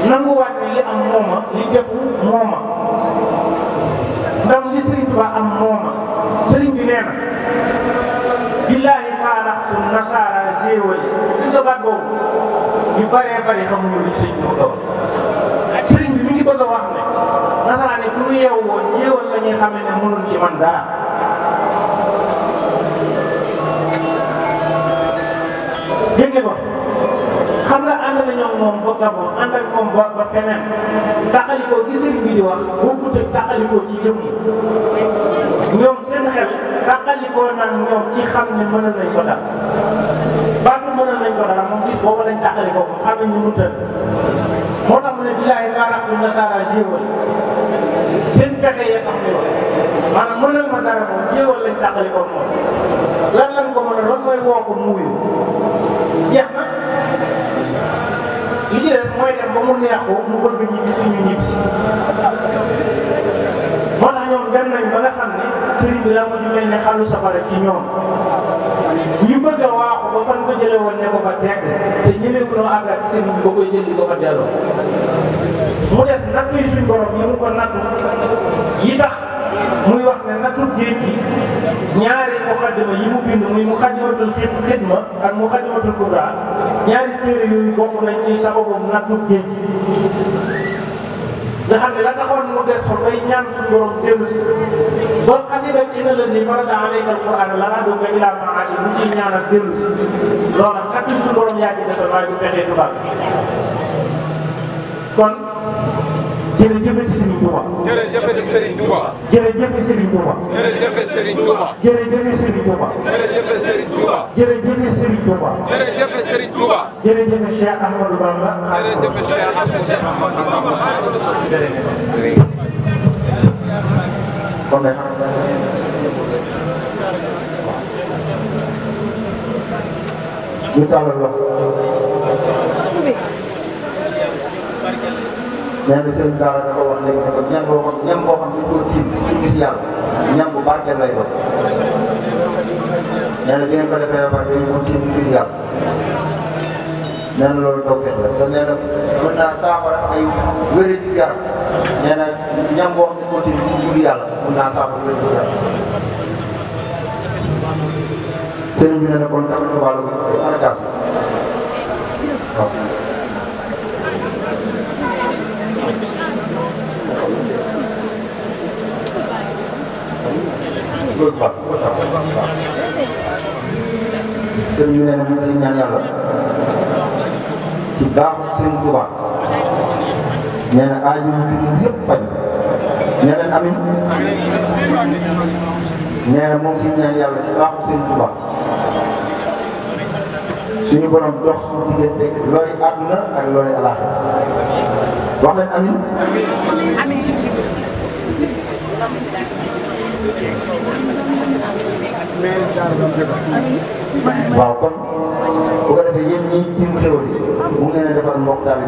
nanguwaat ne li am mooma li defu mooma ndam li sëriñ Tuba am mooma sëriñ bi nee na billaahi faaraxtu nasaara séewali gis nga baat boobu ñu baree bari xamuñu li sëriñ bi bëgg a wax ne nasaraan yi pour yeewu woon la ñuy xamee ne mënul ci man dara. dégg nga xam nga ànd na ñoom moom ba Gabon ànd ak moom ba ba feneen taxalikoo gi sëriñ bi di wax bokkut ak taxalikoo ci jëmm ñoom seen xel taxalikoo naan ñoom ci xam ne mënoon nañ ko dara baatu mënoon nañ ko dara gis boobu lañ taxalikoo xam ne ñu mënut moo tax ne billaahi baaraam bi nasaara jéewal seen pexe ya tax ñu wax maanaam mën ma dara moom jéewal lañ tàqali ko moom lan lañ ko mën a lan mooy woo ko muuyu jeex na li ci des mooy dem ba mu neex ko mu bëgg ñibbi suñu ñibbi moo tax ñoom dem nañ ba nga xam ne sëriñ bi ne xalu safara ci ñoom ñu bëgg a waaxu ba fan ko jëlee woon ne ko fa teg te ñemeeku noo àggaat ci seen ba koy jël di ko fa delloo mu des natt yi suñ borom yi mu ko natt yi tax muy wax ne nattut géej gi ñaari muxaddima yi mu bind muy muxaddimatul xidma ak muxaddimatul kubra ñaari téere yooyu bokk nañ ci sababu nattut géej gi nga xam ne la taxoon mu des fa bay ñaan suñu borom dellu si boo xasida inna lazi farada alayka alquran la raadu nga ilaa maa yi mu ciy ñaanal dellu si loola kattu jërëjëf Serigne Touba. jërëjëf Serigne Touba. jërëjëf Serigne Touba. jërëjëf Serigne Touba. jërëjëf Serigne Touba. jërëjëf Serigne Touba. jërëjëf Serigne Touba. jërëjëf Serigne Touba. jërëjëf Cheikh Ahmadou Bamba. jërëjëf Cheikh Ahmadou Bamba. jërëjëf. kon nag. ñu tàllal loxo. nee na sëriñ Bara da ko wax léegi ne ko ñam boo xam ñam boo xam ne ko tiim gis yàlla ñam bu barkeel lay doon. nee na bi ngeen ko defee ba pare dañu ko tiim ngir yàlla nee na loolu tawfeex la te nee na mën naa saafara ay wéré di garab nee na ñam boo xam ne ko tiim ngir yàlla mën naa saafara wéré di garab. sëriñ bi nee na kon tamit wàllu arkaas la waaw. loolu baax waaw sëriñ bi nee na mu si ñaan yàlla si amin nee na moom si ñaan yàlla si baaxu sëriñ Tuubaa suñu borom dox suñu diggante lori àdduna amin amin waaw kon bu ko defee yéen ñi tiim xéwal yi mu ngi leen a defar mbokk daal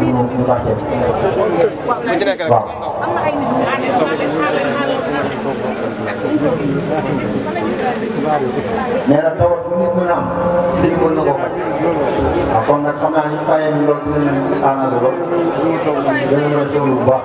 bi ñu ñu ñu barkeel. waaw. nee na tawat bu nit mën a am lii mën na ko faj. waaw kon nag xam naa ni fayal ñu loolu dinañu arrangé lool dinañu la teewlu bu baax.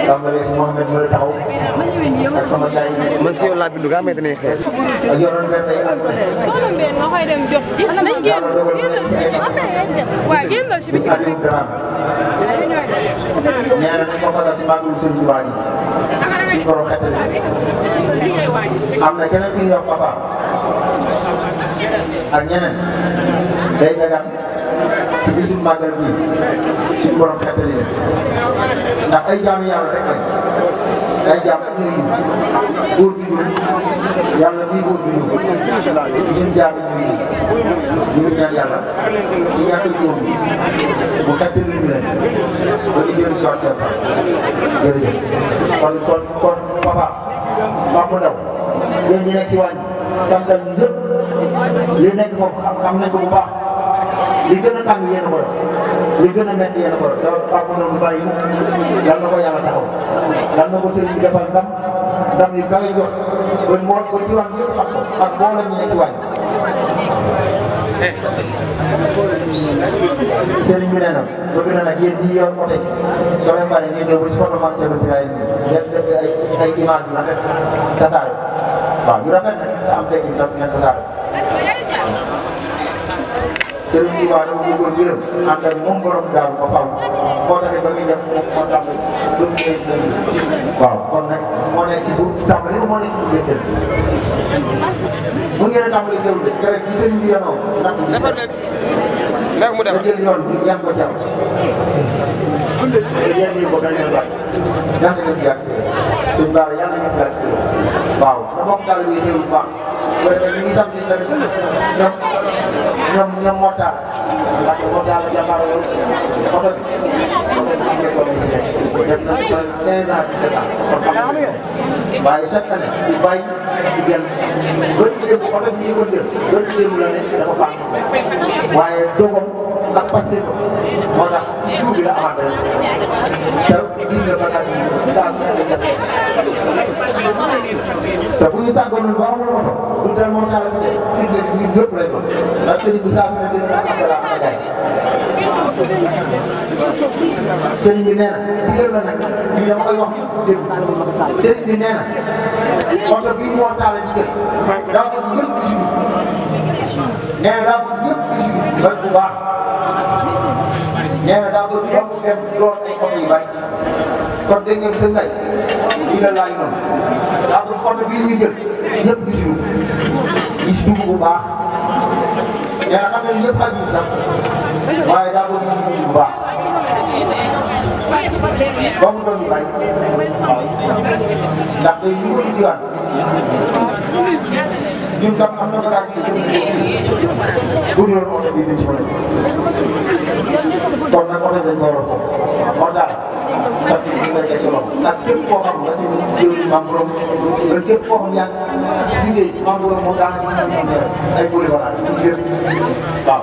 ndax nga weesu Mouhamed mooy taxaw ak sama jaay man si yow laa bindu gaa may dañuy xeex. ak yoroon benn ay ànd. soxna Mbène nga koy dem jox ji nañ keneen ku ñuy wax ci bisim màggal bii suñu borom xettali leen ndax ay jaamu yàlla rek lañ ay jaam ak ñooy ñëw góor gi ñëw yàlla bii góor gi ñëw ñun jaam ñooy ñëw ñu ngi ñaan yàlla ñu ñaan ko juróom bu xettali ñu leen ba ñu dellu soixante sax jërëjëf kon kon kon papa papa ndaw yéen ñi nekk si wàññi santal ñëpp li nekk foofu am nañ ko bu baax. li gën a tàng yéen a ko yor a métti yéen a ko yor loolu Pape Ndao du bàyyi yal na ko yàlla taxaw yal na ko sëriñ bi defal ndam ndam yu kawe jox ba moo ba diwaan yëpp xam ko ak mbooloo ñu nekk si wàññi. sëriñ bi nee na bëgg na nag yéen ñi yor oto si soo leen paree ngeen ñëw ba si photo Mame Thierno Birahim bi ngeen def ay ay images yu rafet tasaare waaw yu rafet nag am tey jii daf sëriñ Tuubaa dama bëggoon yërëm ànd ak moom borom daal ba faw moo taxit ba muy def moom moo tax bëgg ngay waaw kon nag moo nekk si bu tàmbali moo nekk si bu bu ngeen a jëm de keroog bi sëriñ bi yanoo mu yoon bi ko ko waaw léegi nag ñu ngi sant tamit ñoom ñoom ñoom moo taal ndax moo taal jàmbaar loolu oto bi oto bi am def na presque quinze ans dix-sept ans kon xam nga waaye chaque année ñu bàyyi ñu jël doon ci dégg oto bi ñu ko jël doon ci dégg la ne dafa baax waaye doogam ak Pastef moo tax jiw bi la amante te gis nga bagage yi saa su nekk jafe te bu ñu sàggoonoon ba amul oto du del moom taal kese fi mu ne nit ñëpp lay doon ndax sëriñ bi saa su nekk dina am dara am gaay sëriñ bi nee na digal la nag ñu dama koy wax dégg sëriñ bi nee na oto bii moo taal jigéen daa ko ñëpp ci biir nee na daa ko ñëpp ci biir bu baax nghe là đau đớn không em luôn anh không gì vậy còn đây em xưng này đi lên lại rồi đã đớn con đi như vậy nhất đi xuống đi xuống cũng bạc nghe là các em nhất phải đi sang vài đau đớn cũng bạc không có gì vậy đặc biệt luôn đi gì Yıldan anlatarak Duruyor orada bir de şöyle. Onlar orada bir tarafı. Orada. cant yi ñu koy teg sa bopp ndax képp koo xam nga seen jëriñ maam borom nga képp koo xam yaa liggéey maam borom moo daan ay polyvalent ci fépp waaw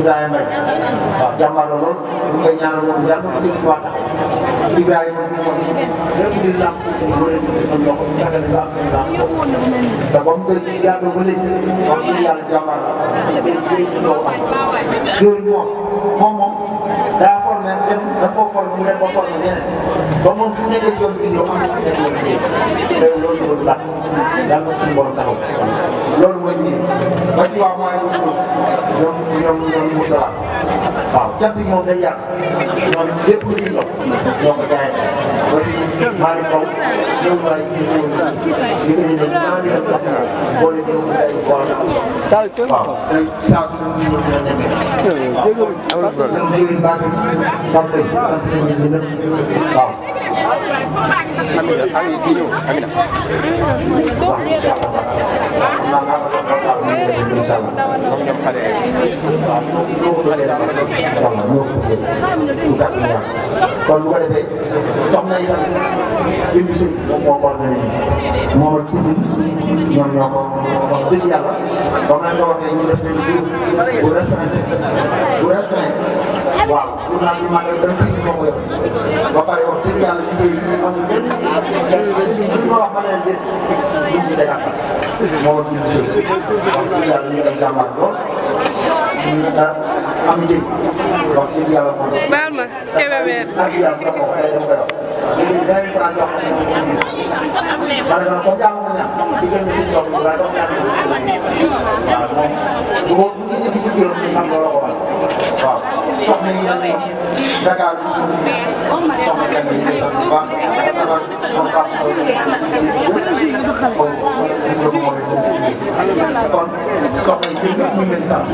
Ibrahima Mbaye waaw jàmbaar la lool ñu koy ñaanal moom yàlla ko seen tubaab tax Ibrahima bi moom lépp di làmp ko bëri sa loxo yàggal la am seen làmp te comme que yàggoo ba léegi wax dëgg yàlla jàmbaar la jëriñ moom moom moom daa formé dem da koo forme mu dem ba forme nee ba moom bu nekkee zone bi yow am na fi nekk loolu léegi loolu dugal baax daal moom suñu borom taxaw loolu mooy nii ba si waa mooy lu mu ñoom ñoom ñoom mu dara waaw jàpp bi moom day yàq ñoom lépp lu ñuy dox ñoo ko jaayee ba si Malick Mbow ñoom waa si ñoom ñu ngi leen cent mille sax na boole ñoom ñu day boole waaw saa su ñu ñu ñu demee. Jërëjëf. Baax na. waaw. kon bu ko defee soxna yi tam émission bi moom moo ko ordonné bi moom ak tuuti ñoom ñoo ko wax dëgg yàlla ba nga ko waxee ñu def leen bu restreint bu restreint waaw journal bi magal benn kii moo ko yor ba pare wax dëgg yàlla liggéey bi ñu amul benn benn ma wax ma leen def ñu ci Jakarta moo ñu ci wax dëgg yàlla ñu dem jàmbaar lool ñu da am njëg wax dëgg yàlla moo doon baal ma kebe weer ak yàlla da ko day dem koy wax léegi vingt francs jox ko par exemple comme jàmm ko ñaan diggante si jox la doon ñaan waaw moom li jëm si biir ñu xam looloo ko waral waaw soxna yi dañuy Dakar bi suñu soxna kenn ñu ngi sant bu baax sabar kon Pape Sow kon soxna yi ñun ñu ngi leen sant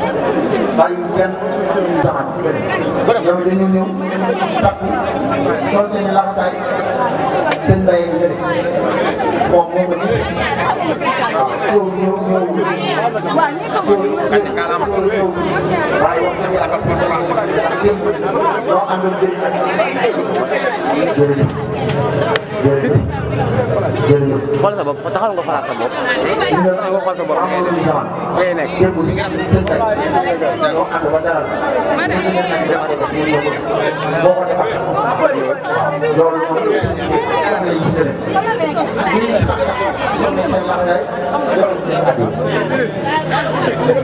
bàyyiwul kenn jamono si benn yow dañoo ñëw takku sol seen i laxasaay seen mbéy mi nga def moom moo ko waaye wax dëgg yàlla fan fan fan fan yëpp boo àndoon jërëjëf jërëjëf jërëjëf. xool sa bopp taxal nga xoolaat sa bopp. nga xool sa bopp ngay dem ngay nekk. boo ko defar loolu moom lay gis keneen.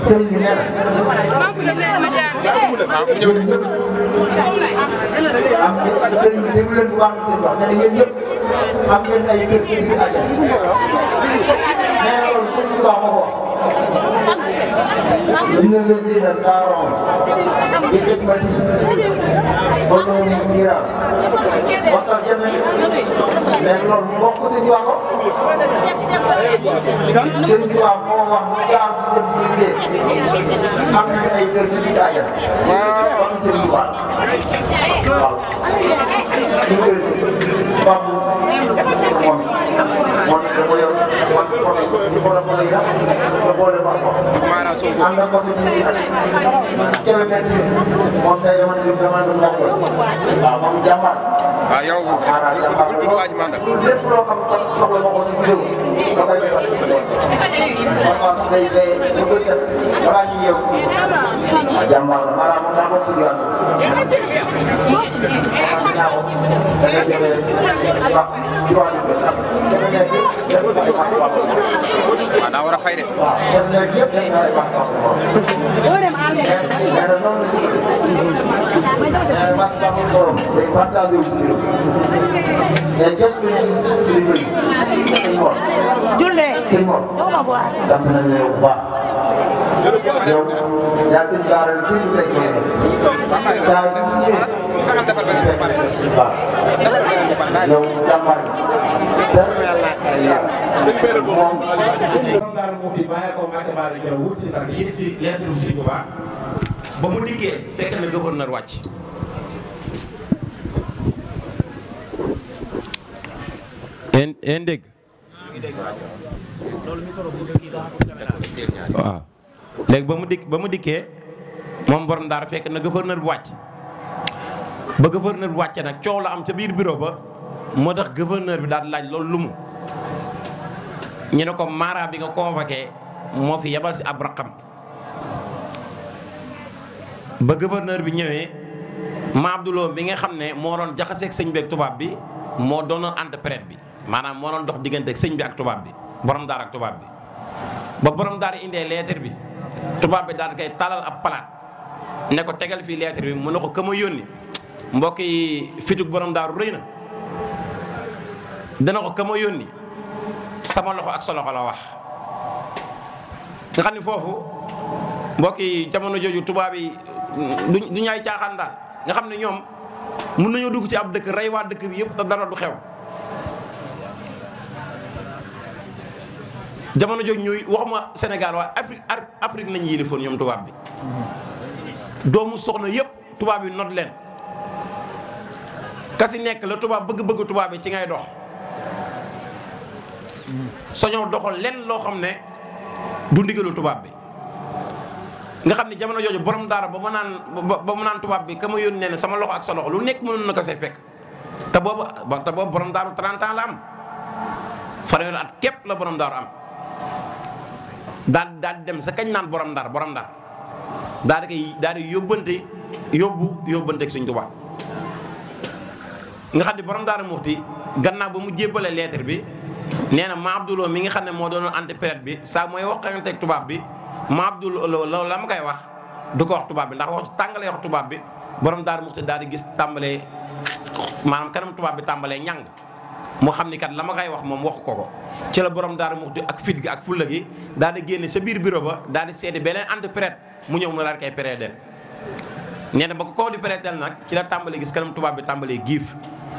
sëriñ bi nee na. am ngeen sëriñ bi déglu leen bu baax seen wax ne ne yéen ñëpp am ngeen ay kër si biir àjjana nee na loolu sëriñ bi baax ma ko wax إن الذين ساروا بخدمتي ولو مديرا وصل جنة mais loolu mbokk sëñ bi ko. sëñ bi waaw moo wax mu jaar ci liggéey am nañ ay kër si biir àjà. waaw kon sëñ bi waaw. waaw. Babou moom moom it dafa yor man côté ñu boole ko lay def nga boole ba ko. am na ko si ji ak Kébémer ji moom tey dama ne dama ne mbokk la waaw moom jàmbaar. waaw yow maanaam jàmbaar loolu lépp loo xam soxla nga ko si réew da koy béy wax dëgg yàlla moo tax day béy bu ko set balaa ñuy yeewu ah jàmbaar la maanaam moom daa ko ci diwaan ñaaw da ngay jëlee ba diwaan bi ba dafa nekk yëpp dafa ay baax baax waaw daa war a fay de waaw dafa nekk yëpp dafa ay baax baax mais nag noonu mais mas baaxul borom day partagé wu si biir mais gëstu ñu si li bëri sëñ Mor. Julle sëñ Mor sant nañ la yow bu baax. yow yaa seen baaral kii bi teg seen saa si ñëwee fekk seen si baax yow jàmbaar te moom. moom daal moom bi bàyyi ko Mbacke Ba di ñëw wut si tànk yéen si yéen si Touba. ba mu dikkee fekk na gouverneur wàcc en en dégg waaw léegi ba mu dikk ba mu dikkee moom borom ndaar fekk na gouverneur bu wàcc ba gouverneur bu wàcce nag coow la am ca biir bureau ba moo tax gouverneur bi daal laaj loolu lu mu ñu ne ko mara bi nga convoqué moo fi yebal si ab raqam ba gouverneur bi ñëwee ma Abdouloo bi nga xam ne moo doon jaxaseeg sëñ bi ak tubaab bi moo doonoon interprète bi maanaam moo doon dox diggante ak sëñ bi ak tubaab bi borom daar ak tubaab bi. ba borom daar indee lettre bi tubaab bi daal koy talal ab palaat ne ko tegal fii lettre bi mu ne ko ka ma yónni mbokk yi fitug borom daar rëy na dana ko ka ma yónni sama loxo ak sa loxo wax nga xam ne foofu mbokk jamono jooju tubaab yi du du ñaay caaxaan daal nga xam ne ñoom mun nañoo dugg ci ab dëkk rey waa dëkk bi yëpp te dara du xew. jamono jooju ñuy waxuma senegal waaye Afrique Afrique nañu yilifoon ñoom tubaab bi doomu soxna yëpp tubaab yi not leen kasi nekk la tubaab bëgg-bëgg tubaab yi ci ngay dox soñoo doxal leen loo xam ne du ndigalu tubaab bi nga xamni jamono jojo borom dara bama nan bama nan tubab bi ka ma yónnee ne sama loxo ak sa loxo lu nek mënoon na ko say fekk te boobu ta bobu borom daaru 30 ans la am fanweeri at kep la borom daaru am dal dal dem sa kagn nan borom dar borom dar dal kay dal yobante yobbu yobante ak seigne tubaab nga xamni borom daaru muhti ganna ba mu jébbale lettre bi neena ma abdoulo mi nga xamne mo doon doonoon prêtre bi sa moy waxante ak tubab bi ma abdul lo la ma koy wax du ko wax tuba bi ndax wax tangale ya wax tuba bi borom daar muxti dal di gis tambale manam kanam tuba bi tambale ñang mu xamni kat kay wax mom wax ko ko ci la borom muxti ak fit gi ak fulla gi dal di genn ci bir bureau ba dal di seeti benen interprète mu ñew mu daal kay prêter neena bako ko di prêter nak ci la tambale gis kanam tuba bi tambale gif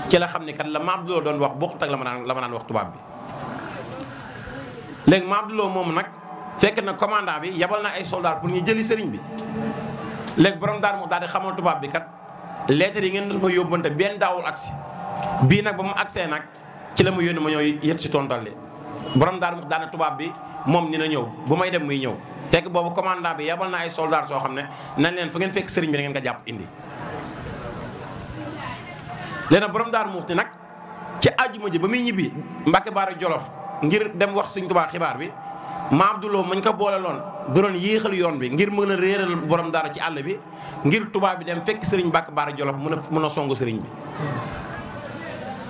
ci la xamni kat la ma abduloo doon wax bokk tak la ma naan la wax tuba bi leg ma abdul mom nak fekk na commandant bi yabal na ay soldats pour ñu jëli sëriñ bi léegi borom daar mu daal di xamoo tubaab bi kat lettre yi ngeen dafa yóbbante benn daawul agsi bii nag ba mu agsee nag ci la mu yónni ma ñooy si tontal li borom daar daana tubaab bi moom ni na ñëw bu may dem muy ñëw fekk boobu commandant bi yabal naa ay soldaar soo xam ne nañ leen fu ngeen fekk sëriñ bi da ngeen ko jàpp indi léegi nag borom daar muxti nag ci àjjuma ji ba muy ñibbi Mbàkke Baari Jolof ngir dem wax Sëriñ Tuubaa xibaar bi ma Abdoulou muñ ko boole loon doon yéexal yoon bi ngir mën a réeral borom dara ci àll bi ngir tubaab bi dem fekk sëriñ Bàkk baar Baara Jolof mën a mën a songu sëriñ bi.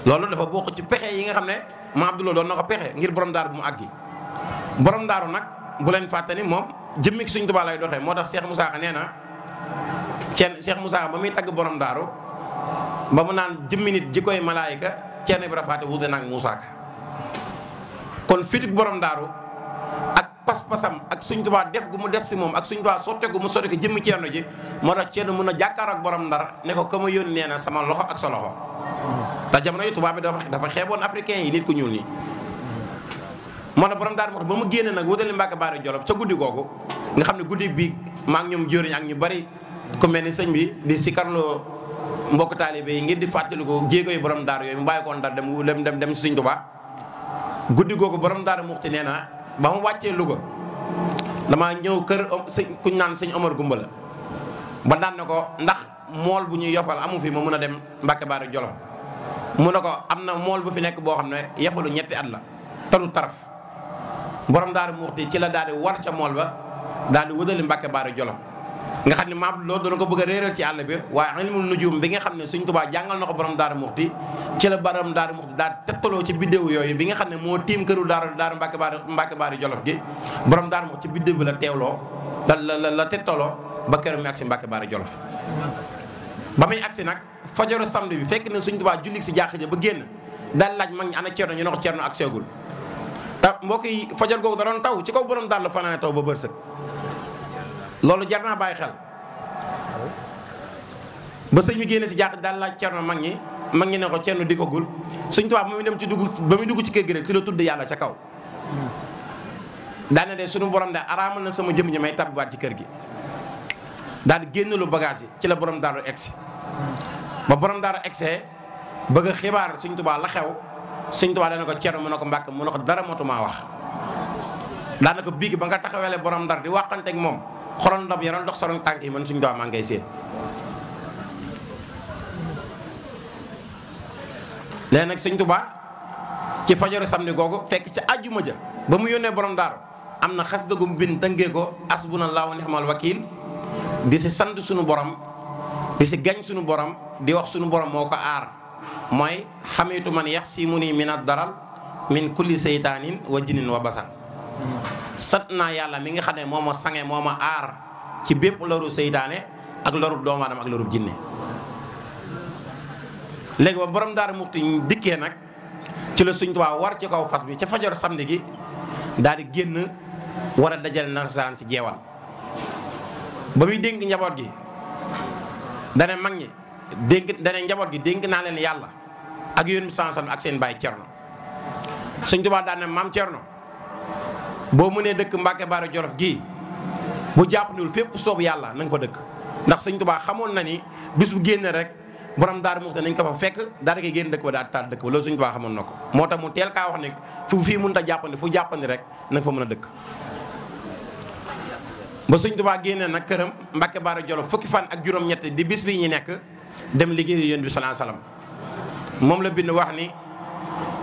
loolu dafa bokk ci pexe yi nga xam ne ma Abdoulou doon na ko pexe ngir borom daaru bu mu àggi borom daaru nag bu leen fàtte ni moom jëmmi suñ tubaab lay doxe moo tax Cheikh Moussa nee na ceen Cheikh Moussa ba muy tagg borom daaru ba mu naan jëmmi nit ji koy malaayika ceen bi rafaate wuute na ak Moussa Ka kon fitig ak pas-pasam ak suñ tubaa def gumu mu des si ak suñ tubaa sotte gumu mu sotte jëm ci ceerno ji mo tax ciene mun a jàkkaar ak borom ndar ne ko kama ma neena sama loxo ak sa loxo ta jamono yi tubaab bi dafa dafa xébon africain yi nit ku ñuul ni mo na borom daal mo tax ba mu génne nag wutali Mbàkke Baari Jolof ca guddii gogo nga xam guddii bi ma ak ñom jëriñ ak ñu bari ku melni ni bi di sikarlo mbok talibé yi ngir di fàttaliku jéego yi borom daar yoy mu bayiko ndar dem dem dem dem Sëñ Tuubaa guddi borom daar muxti nee ba mu wàccee Louga damaa ñëw kër sëñ kuñ naan sëñ Omar Gumba la ba naan ne ko ndax mool bu ñuy yofal amu fi ma mën a dem Mbàkke Baari jolo mu ne ko am na mool bu fi nekk boo xam ne yafalu ñetti at la talu taraf borom daaru muxti ci la daal di war ca mool ba daa di wëdali Mbàkke Baari jolo nga xam ne maam loo doona ko bëgg a réeral ci àll bi waaye ilmul nujum bi nga xam ne Sëriñ Tuubaa jàngal na ko borom Daaru Muxti ci la borom Daaru Muxti daa tettaloo ci biddéew yooyu bi nga xam ne moo tiim këru daaru daaru Mbàkke Baari Mbàkke Baari Jolof gi borom Daaru Muxti ci biddéew bi la teewloo la la la tettaloo ba këram mi agsi Mbàkke Baari Jolof ba muy agsi nag fajaru samedi bi fekk na Sëriñ Tuubaa julli si jàkka ja ba génn daal laaj mag ñi ana Ceerno ñu ne ko Ceerno ak seegul te mbokk yi fajar googu da doon taw ci kow borom daal la fanaane taw ba bërsëg loolu jar naa bàyyi xel ba sëñ bi génne si jàkk daal la cerno mag ñi mag ñi ne ko cerno dikkagul sëñ Tuubaa ba muy dem ci dugg ba muy dugg ci kër gi rek ci la tudd yàlla ca kaw daane de suñu borom de araamal na sama jëm ñi may tabbiwaat ci kër gi daal génn lu yi ci la borom daaru egsi ba borom daaru egsee bëgg a xibaar sëñ Tuubaa la xew sëñ Tuubaa dana ko cerno mu ne ko mbàkk mu ne ko dara motumaa wax daanaka biig ba nga taxawele borom ndar di waxanteeg moom xoron ndab yaron dox soron tanki man suñ doom ngay seen le nak sëñ touba ci fajaru samedi gogo fekk ci aljuma ja ba mu yone borom dar am na xas dëggum bin dëngee ko asbunallaahu nixmal wakiil di ci sant suñu borom di ci gañ suñu borom di wax suñu borom moko ar moy hamitu man yahsimuni min ad minat daral min kulli seytaanin wa jinnin wa basar sat naa yàlla mi nga xamne moma sangé moma sange ci bép loru seydane ak loru doom adam ak loru jinné léegi ba borom daara mukti dikkee nak ci le seigne Tuubaa war ci kaw fas bi ci fajar samedi gi daal génn wara dajal dajale nasaraan si jeewal ba muy dénk njabot gi dané mag ñi dénk yalla, njabot gi dénk na len yalla ak yónni sansam ak seen cerno seigne Tuubaa daan mam cerno boo mënee dëkk Mbàkke Baara Jolof gii bu jàppandul fépp soobu yàlla na nga fa dëkk ndax sëñ Tuubaa xamoon na ni bis bu génne rek borom Daaru Muxti nañ ko fa fekk daara koy génn dëkk ba daal taal dëkk ba loolu xamoon na moo tax mu teel kaa wax ne fii mënut a jàppandi fu jàppandi rek na nga a dëkk ba sëñ Tuubaa génnee nag këram Mbàkke Baara Jolof fukki fan ak juróom-ñett di bis bi ñu nekk dem liggéey yéen bi salaa salaam moom la bind wax ni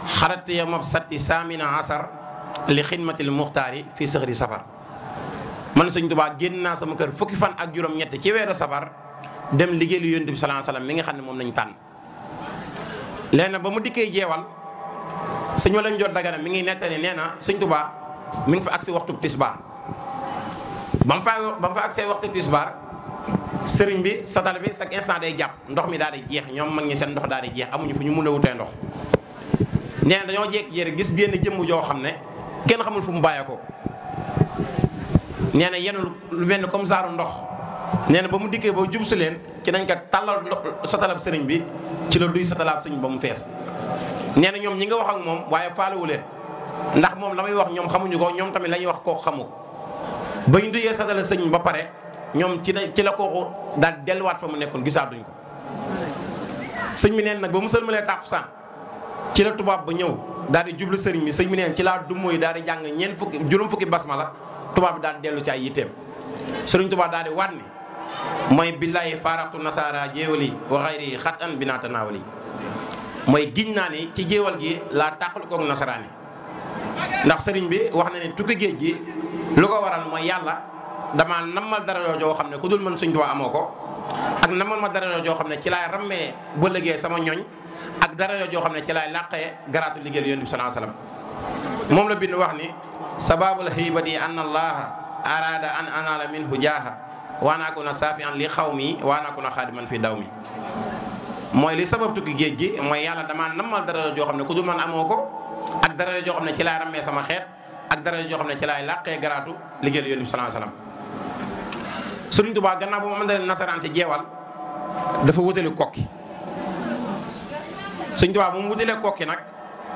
xarat ya mab satti saamina asar li xidmatil muxtaari fii sëxri safar man sëñ Tuubaa génn naa sama kër fukki fan ak juróom-ñett ci weeru safar dem liggéey lu yonent bi salaa salaam mi nga xam ne moom lañ tànn. léegi ba mu dikkee jeewal sëñ lañ jot dagana mi ngi nettali nee na sëñ mi ngi fa agsi waxtu tisbaar ba fa ba fa agsee waxtu tisbaar sëriñ bi satal bi sa instant day jàpp ndox mi daal di jeex ñoom mag ñi seen ndox daal di jeex amuñu fu ñu mun a wutee ndox nee dañoo jékki-jékki gis génn jëmm joo xam ne. kenn xamul fu mu bàyyee ko nee na yenn lu mel ni comme saaru ndox nee na ba mu dikkee boo jub si leen ci nañ ko tàllal ndox satalab sëriñ bi ci la duy satalab sëriñ ba mu fees nee na ñoom ñi nga wax ak moom waaye faalewu leen ndax moom la muy wax ñoom xamuñu ko ñoom tamit lañuy wax koo xamu ba ñu duyee satala sëñ ba pare ñoom ci la ci la kooku daal delluwaat fa mu nekkoon gisaatuñ ko sëñ bi neen nag ba mu sëlmalee tàkkusaan ci la tubaab bu ñëw daal di jublu sëriñ bi sëñ bi neen ci laa yi daal di jàng ñeent fukki juróom fukki la tubaab bi daal di dellu ci ay yitteem sëriñ tubaab daal di waat ni mooy billaahi faaraqtu nasaara jéewali wa xayri xat an bi naata naawali mooy giñ naa ni ci jéewal gi laa tàqal koog nasaraani ndax sëriñ bi wax na ne tukki géej gi lu ko waral mooy yàlla damaa namal dara yoo xam ne ku dul mën suñ tubaab amoo ko ak namal ma dara joo xam ne ci laay rammee ba liggéey sama ñoñ ak dara yoo joo xam ne ci laay làqee garaatu liggéeyal yonent bi salaa salaam moom la bind wax ni sababul hibati anna allaha arada an anala minhu jaaha wa an akuna saafian li xawmi wa an akuna xaadiman fi dawmi mooy li sabab tukki géej gi mooy yàlla damaa nammal dara joo xam ne ku man amoo ko ak dara joo ne ci laay rammee sama xeet ak dara joo xam ne ci laay làqee garaatu liggéeyal yonent bi salaa salaam Sëriñ Tuubaa gannaaw bu mu àndalee nasaraan si jeewal dafa wutali kokki sëñ Tuubaa bu mu wutalee kokki nag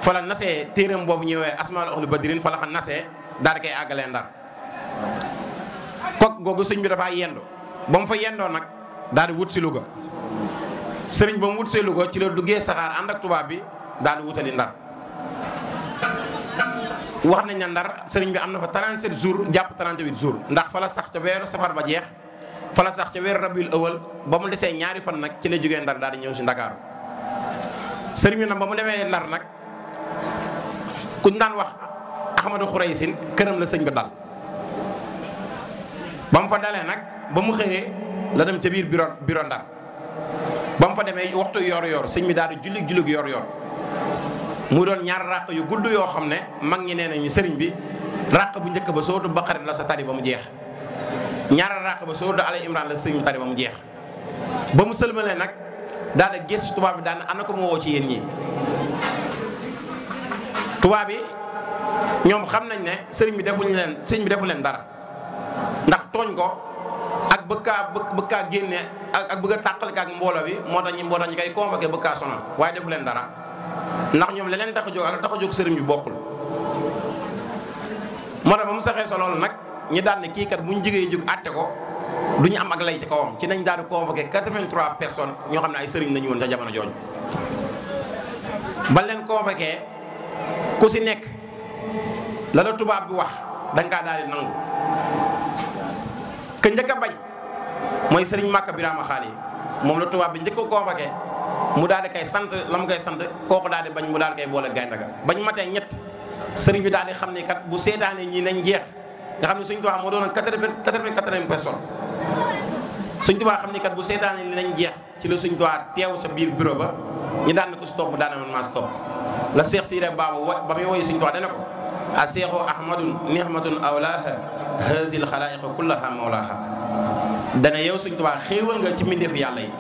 fa la nasee téeram boobu ñëwee asmaal ahlu badrin fa la xam nasee daal di koy àggalee ndar kokk googu sëñ bi dafaa yendu ba mu fa yendoo nag daal di wut si Louga sëriñ ba mu wut si Louga ci la duggee saxaar ànd ak tubaab bi daal di wutali ndar wax nañ ne ndar sëriñ bi am na fa 37 jours jàpp 38 jours ndax fa la sax ca weeru safar ba jeex fa la sax ca weeru rabiul awal ba mu desee ñaari fan nag ci la jógee ndar daal di ñëw si Ndakaaru sëriñ bi nag ba mu demee ndar nag kuñ daan wax Ahmadou Khouraysin këram la sëñ ba dal ba mu fa dalee nag ba mu xëyee la dem ca biir biro biro ndar ba mu fa demee waxtu yor-yor sëñ bi daal di jullig jullig yor-yor mu doon ñaar ràq yu gudd yoo xam ne mag ñi nee nañu sëriñ bi ràq bu njëkk ba sootu Baqara la sa tari ba mu jeex ñaar ràq ba sootu Al Imran la sëriñ bi ba mu jeex ba mu sëlmalee nag. dal gis tuba bi dan am na ko ci yeen ñi tuba bi ñom xam nañ ne sëriñ bi deful leen sëriñ bi deful leen dara ndax togn ko ak bëkka bëkka bëgg ak ak bëgg takal ak mbolo bi mo tax ñi mbolo ñi kay convoqué bëkka kaa way deful defu leen dara ndax ñom leneen tax a jóg ak tax a jóg bi bokul mo tax ba saxé so lol nak ñi dal daan kat buñu ñu jigee atté ko. du ñu am ak lay ci kawam ci nañ daal di convoqué 83 personnes ñoo xam ne ay sëriñ nañu woon ca jamono jooju. ba leen convoqué ku si nekk la la tubaab bi wax da nga daal di nangu ke njëkk bañ mooy sëriñ Màkka Birama Xaali moom la tubaab bi njëkk a mu daal di koy sant la koy sant kooku daal bañ mu daal di koy boole gaynde ga bañ matee ñett sëriñ bi daal di xam ne kat bu seetaanee ñii nañ jeex. nga xam ne Sëñ Tuubaa moo doon ak quatre-vingt-quatrième personne Sëñ Tuubaa xam ni kat bu seetaanee lañ jeex ci la Sëñ Tuubaa teew sa biir bureau ba ñu daan na ko si topp daan na man maa si topp la Seex Siire Baabu wa ba muy woy Sëñ Tuubaa dana ko a seexu ahmadun nihmatun awlaaha haazil xalaayiqa kullaha mawlaaha dana yow Sëñ Tuubaa xéewal nga ci mbindeefu yàlla yi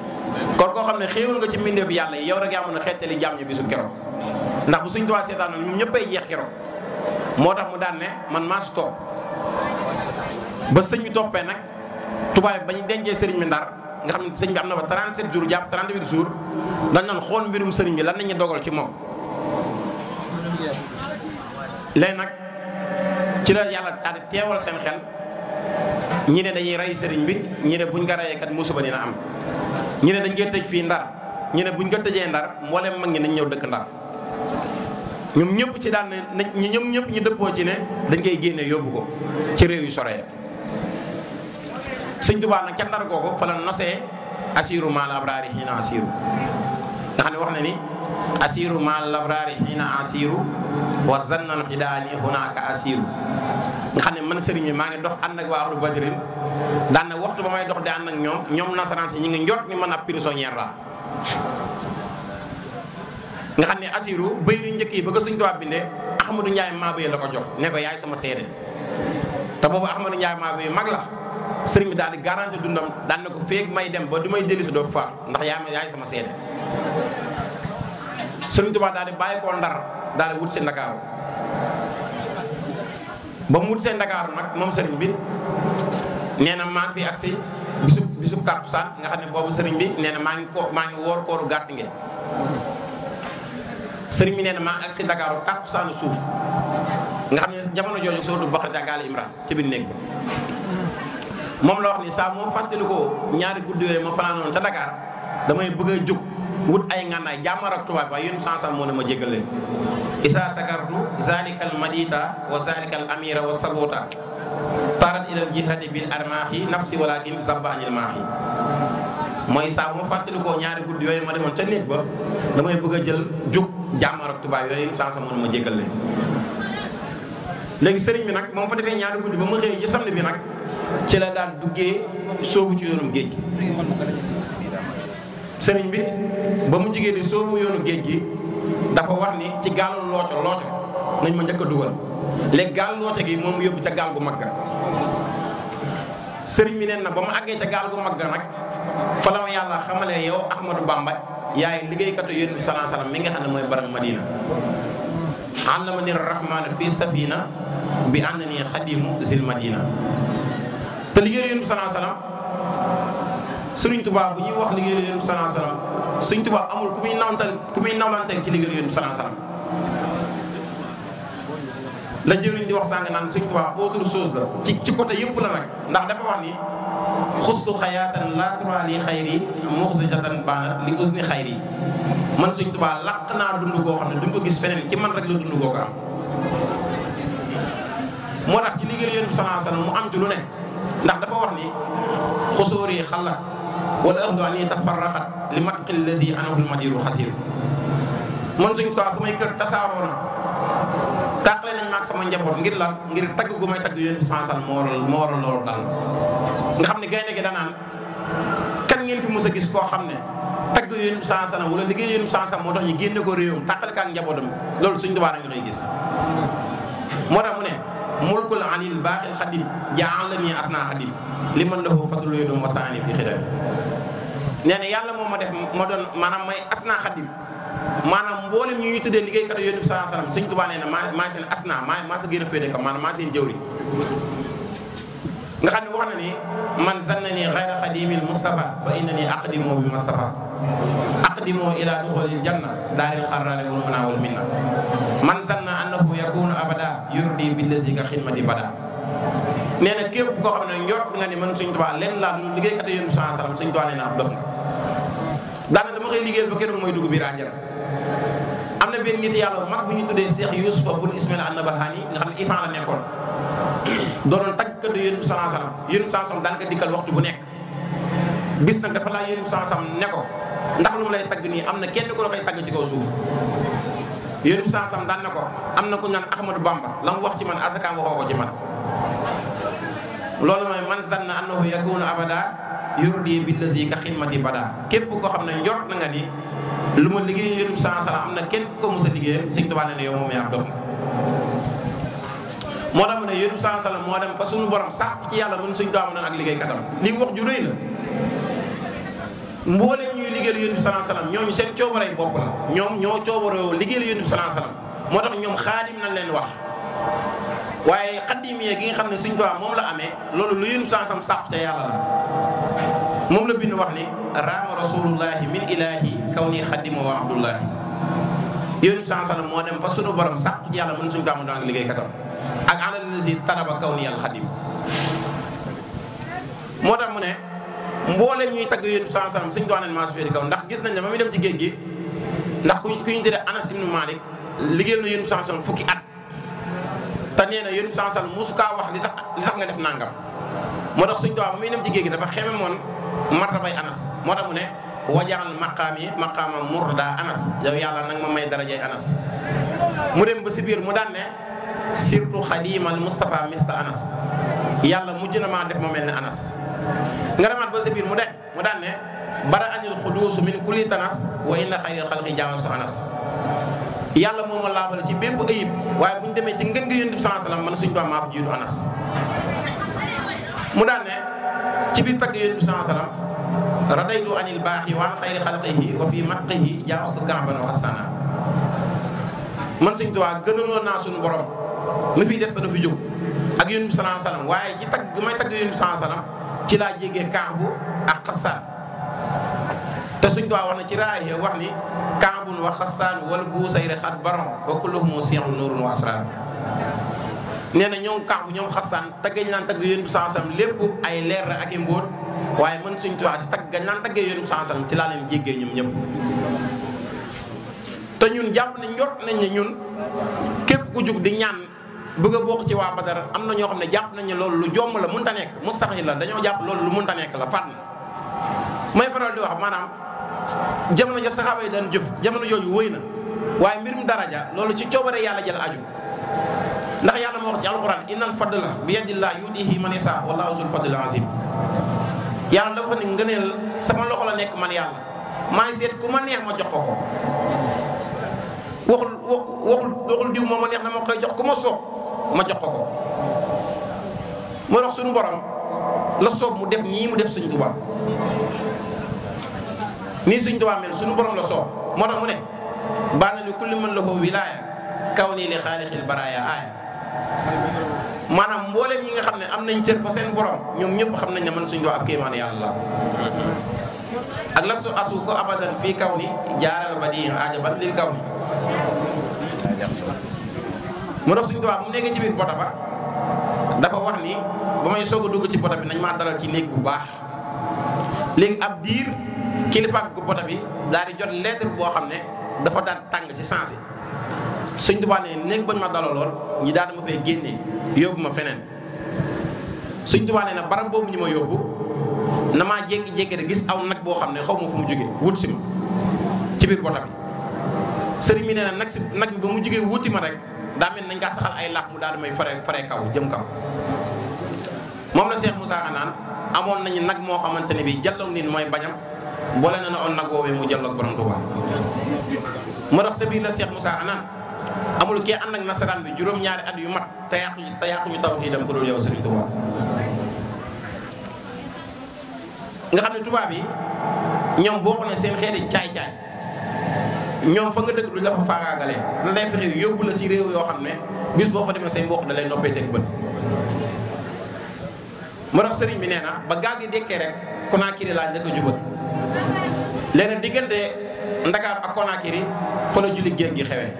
kon xam ne xéewal nga ci mbindeefu yàlla yi yow rek yaa mën a xettali jàmm ñu bisu keroog ndax bu Sëñ Tuubaa seetaanoon ñoom ñëppay jeex keroog moo tax mu daan ne man maa si ba sëñ bi toppee nag tubaab ba ñu dencee sëriñ bi ndar nga xam ne sëñ bi am na ba 37 jours jàpp 38 jours dañ doon xool mbirum sëriñ bi lan la ñuy dogal ci moom. léegi nag ci la yàlla daal di teewal seen xel ñi ne dañuy rey sëriñ bi ñi ne buñ ko reyee kat musiba na am ñi ne dañ koy tëj fii ndar ñi ne buñ ko tëjee ndar mboolem mag ñi nañ ñëw dëkk ndar ñoom ñëpp ci daan nañ ñoom ñëpp ñu dëppoo ci ne dañ koy génne yóbbu ko ci réew yu soree. sëñ Tuubaa nag ca ndar googu fa nosee asiru maa labraari xiina asiru nga xam wax na ni asiru maa labraari nga xam ne man sëriñ bi maa ngi dox ànd ak waa ahlu badrin daan na waxtu ba may dox di ànd ak ñoom ñoom nasaraan si ñi ngi njort ni man ab prisonnière la nga xam ne asiru bëy yu njëkk yi ba ko sëñ Tuubaa bindee Ahmadou Ndiaye maa bëy la ko jox ne ko yaay sama seede te boobu Ahmadou Ndiaye maa bëy mag la serigne bi di garanti dundam dal nako feek may dem ba dumay jëli si ndax yaama yaay sama seen serigne touba dal di bàyyi koo ndar dal di wut si dakar ba mu wut see ndakaaru nag moom bi neena ma fi agsi bisu bisu sa nga xamne bobu serigne bi neena ma ngi ko ma ngi woor kooru gàtt nge serigne bi nee na maa agsi ndakaaru suuf nga xamne jamono jojo so do baxar jàggaale imran ci bi neeg ba moom la wax ni saa moo fàttalikoo ñaari guddi yooyu ma fanaanoon ca Dakar damay bëgg a jóg wut ay ngànnaay jàmmar ak tubaab waaye yéen sansan moo ne ma jégal leen isa sakartu zalikal madita wa zalikal amira wa sabota tarat ilal jihadi bil armaahi nafsi walakin zabba anil ñaari guddi yooyu ma demoon ca damay bëgg a jël jóg jàmmar ak tubaab yooyu yéen sansan moo ne ma jégal leen léegi sëriñ bi nag moom fa defee ñaari guddi ba ma xëyee ci samedi bi nag ci la daan duggee soobu ci yoonu géej gi sëriñ bi ba mu jigéen di soobu yoonu géej gi dafa wax ni ci gaalu loote loote nañ ma njëkk a dugal léegi gaal loote gi moom yóbbu ca gaal gu mag ga sëriñ bi neen na ba ma àggee ca gaal gu mag ga nag fa la ma yàlla xamalee yow Ahmadou Bamba yaay liggéeykatu yéen bi salaa salaam mi xam ne mooy baram Madina àllama ni rahmaana fii safina bi ànd nii xadimu zil te liggéeyu yonent bi sallallahu alayhi wasallam Sëriñ bu ñuy wax liggéeyu yonent bi sallallahu alayhi wasallam Sëriñ Tuubaa amul ku muy te ku ci liggéeyu yonent bi sallallahu la jëriñ di wax sàng naan Sëriñ Tuubaa autre chose la ci ci côté yëpp la nag ndax dafa wax ni xustu xayaatan laa turaali xayri muxsijatan baanat li usni xayri man Sëriñ Tuubaa làq naa dund goo xam ne duñ ko gis feneen ci man rek la dund ko am moo tax ci liggéeyu yonent bi sallallahu mu am ndax dafa wax ni xusóor yi xalat wala ëx doan yi li mat xil lesi ma madiru xasir man suñ quoi samay kër tasaaroo na tàqale nañ maag sama njaboot ngir la ngir tagg gu may tagg yéen bi sansal moo waral loolu daal nga xam ne gaynde gi danaan kan ngeen fi mu a gis koo xam ne tagg yéen bi sansal wala liggéey yéen bi sansal moo tax ñu génne ko réewam tàqale kaak njabootam loolu suñ dubaa nga koy gis moo tax mu ne mulkul anil baaxil xadim jaalani asna xadim li man lahu fadlu yudum wa saani fi xidam nee na yàlla moo ma def ma doon maanaam may asna xadim maanaam mboolem ñu ñuy tuddee liggéeykat yonent bi sallallahu alayhi wasallam Sëñ Tuubaa nee maa seen asna maa maa sa gën a féete ko maanaam maa seen jëwri nga xam ne wax na ni man zannani xayra xadimil Mustafa fa innani aqdimu bi Mustafa aqdimu ila duxulil janna daaril xarrale wal muna wal minna man zanna annahu yakunu abada yurdi billazi ka xidmati bada nee na képp koo xam ne njort nga ni man Sëñ Tuubaa lenn laa dul liggéey kat yéen bi saa salaam Sëñ Tuubaa nee na ab dof nga daana dama koy liggéeyal ba kenn mooy dugg biir àjjana na benn nit yàlla mag bu ñu tuddee Cheikh Youssoufa bun Ismaïl an-Nabahani nga xam ne ifan la nekkoon doonoon tàggkatu yénub saa sallam yénub saa sallam daan ko dikkal waxtu bu nekk bis nag dafa laaj yénub saa sallam ne ko ndax lu ma lay tagg nii am na kenn ko la koy tagg ci kaw suuf yénub saa sallam daan ne ko am na ku ñaan Ahmadou Bamba la mu wax ci man asakaam waxoo ko ci man loolu mooy man zanna annahu yakunu abada yurdi billazi ka xidmati bada képp koo xam ne njort na nga ni lu ma liggéey yonum saa sala am na kenn ko liggéey sëñ Tuubaa ne ne yow moom moo ne yonum saa sala moo dem fa suñu borom sax ci yàlla mën suñ doomu noonu ak liggéey katam li wax ju rëy la mbooleem ñuy liggéeyal yonum saa sala ñooñu seen coobarey bopp la ñoom ñoo coobarewoo liggéeyal yonum saa moo tax ñoom xaadim nañ leen wax waaye xaddimiya gi nga xam ne suñ tuwaa moom la amee loolu lu yun sansam sàpp te yàlla la moom la bind wax ni raama rasulullahi min ilahi kaw nii xaddima wa abdullahi yéen sansalam moo dem fa sunu borom sàpp yàlla mën suñ tuwaa mu doon liggéey katam ak alal na si talaba kaw nii al moo tax mu ne mboolem ñuy tagg yéen sansalam suñ tuwaa neen maa sufeeri kaw ndax gis nañ ne ba muy dem ci gi ndax ku ñu ku ñu tëddee anas ibnu malik liggéeyal na yéen sansalam fukki at te nee na yéen sansal mosu kaa wax li tax li nga def nangam moo tax suñu doom muy nem ci géej gi dafa xeme moon martabay anas moo tax mu ne wajaxal maqaam yi maqaama murda anas yow yàlla nag ma may darajay mu dem ba si biir mu daan ne surtout xadimal Moustapha mista anas yàlla mujj na maa def ma mel ne anas nga demaat ba si biir mu de mu daan ne bara anil xuduus min kulli tanas wa inna xayril xalqi jaawasu anas yàlla moo ma laabal ci bépp ayib waaye bu ñu demee ci ngën nga yónni bi sallallahu alayhi wasallam man suñu doom maa fa jiitu anas mu daan ci biir tagg yónni bi sallallahu alayhi wasallam radaytu anil baaxi wa an xayri xalqihi wa fi maqihi jaasu gaaban wa xasana man suñu doom gënaloon suñu borom lu fi des dana fi jóg ak yónni bi sallallahu alayhi waaye ji tagg bi may tagg yónni ci laa jégee kaax bu ak xasaan te suñ tubaab wax na ci raaya wax ni kaabun wa xasaan wala buusayri xat baron wa kulluhum seexu nuurun wa asraar nee na ñoom kaabu ñoom xasaan taggañ naan tagg yéen bu sansam lépp ay leer la ak i mbóot waaye man suñ tubaab si taggañ naan taggee yéen bu sansam ci laa leen jéggee ñoom ñëpp te ñun jàpp ne njort nañ ne ñun képp ku jug di ñaan bëgg a bokk ci waa Badar am na ñoo xam ne jàpp nañ ne loolu lu jomm la ta nekk mu sax mustaxil la dañoo jàpp loolu lu mënta nekk la fànn jamono ja saxaaba yi daan jëf jamono jooju wëy na waaye mbirum daraja loolu ci coobare yàlla jël aju ndax yàlla moo wax ci i innal fadla man yasa wallahu zul fadlil azim yàlla dafa sama loxo la nekk man yàlla maa ngi seet ma neex ma jox ko ko waxul waxul waxul diw moom ma neex na moo koy jox ku ma soob ma jox ko ko moo suñu borom la soob mu def nii mu def suñu Tuubaa nii suñ Tuubaa mel suñu boroom la soob moo tax mu ne baana li kulli man ko wilaaya kaw nii li xaaliqil baraaya aaya maanaam mboolem ñi nga xam ne am nañ cër ba seen borom ñoom ñëpp xam nañ ne man suñu Tuubaa ab kéemaan yàlla ak la asu ko fii kaw ni jaaral ba di aaja kaw ni mu dox suñ Tuubaa mu ci biir bota ba dafa wax ni ba may soog a dugg ci bota bi nañ maa dalal ci néeg bu baax léegi ab diir kilifaak gurbata bi daal di jot lettre boo xam ne dafa daal tàng ci sens yi suñ Tuubaa ne néeg bañ ma dalaloon ñi daal ma fay génnee yóbbu ma feneen suñ ne na barab boobu ñu ma yóbbu na maa jékki gis aw nag boo xam ne xaw ma fu mu jógee wut si ci biir bota bi sëriñ bi nee nag nag ba mu jógee wuti ma rek daa mel nañ ngaa saxal ay laax mu daal di may fare fare kaw jëm kaw moom la musaa Moussa naan amoon nañu nag moo xamante ne bii jàllaw niin mooy bañam boole na na on nag woowee mu jàll ak borom Tuuba moo tax sa biir la Cheikh Moussa anaan amul kee ànd ak nasaraan bi juróom-ñaari at yu mat te yàqu te yàqu ñu taw yi dem ko dul yow Sëriñ Tuuba xam ne tubaab yi ñoom boo xoolee seen xeeti caay-caay ñoom fa nga dëkk duñ la fa faagaagalee yóbbu la si réew yoo xam ne bis boo fa demee say mbokk da lay noppee dégg bët. moo tax sëriñ bi nee na ba gaal gi dekkee rek ku naa kii de laaj la leneen diggante Ndakaar ak Conakry fa la julli géej gi xewee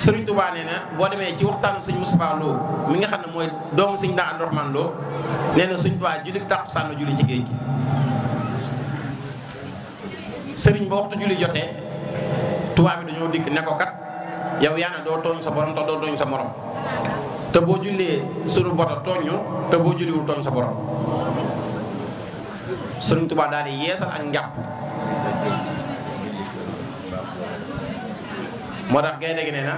Sëriñ Tuubaa nee na boo demee ci waxtaanu sëñ Moustapha Lo mi nga xam ne mooy doomu siñ Daa Abdourahmane Lo nee na suñu Tuubaa julli tàkkusaan la julli ci géej gi sëriñ ba waxtu julli jotee tubaab dañoo dikk ne ko kat yow yaa ne doo tooñ sa borom te doo tooñ sa morom te boo jullee sunu bota tooñ ñu te boo julliwul tooñ sa borom sëriñ Tuubaa daal moo tax gaynde gi nee na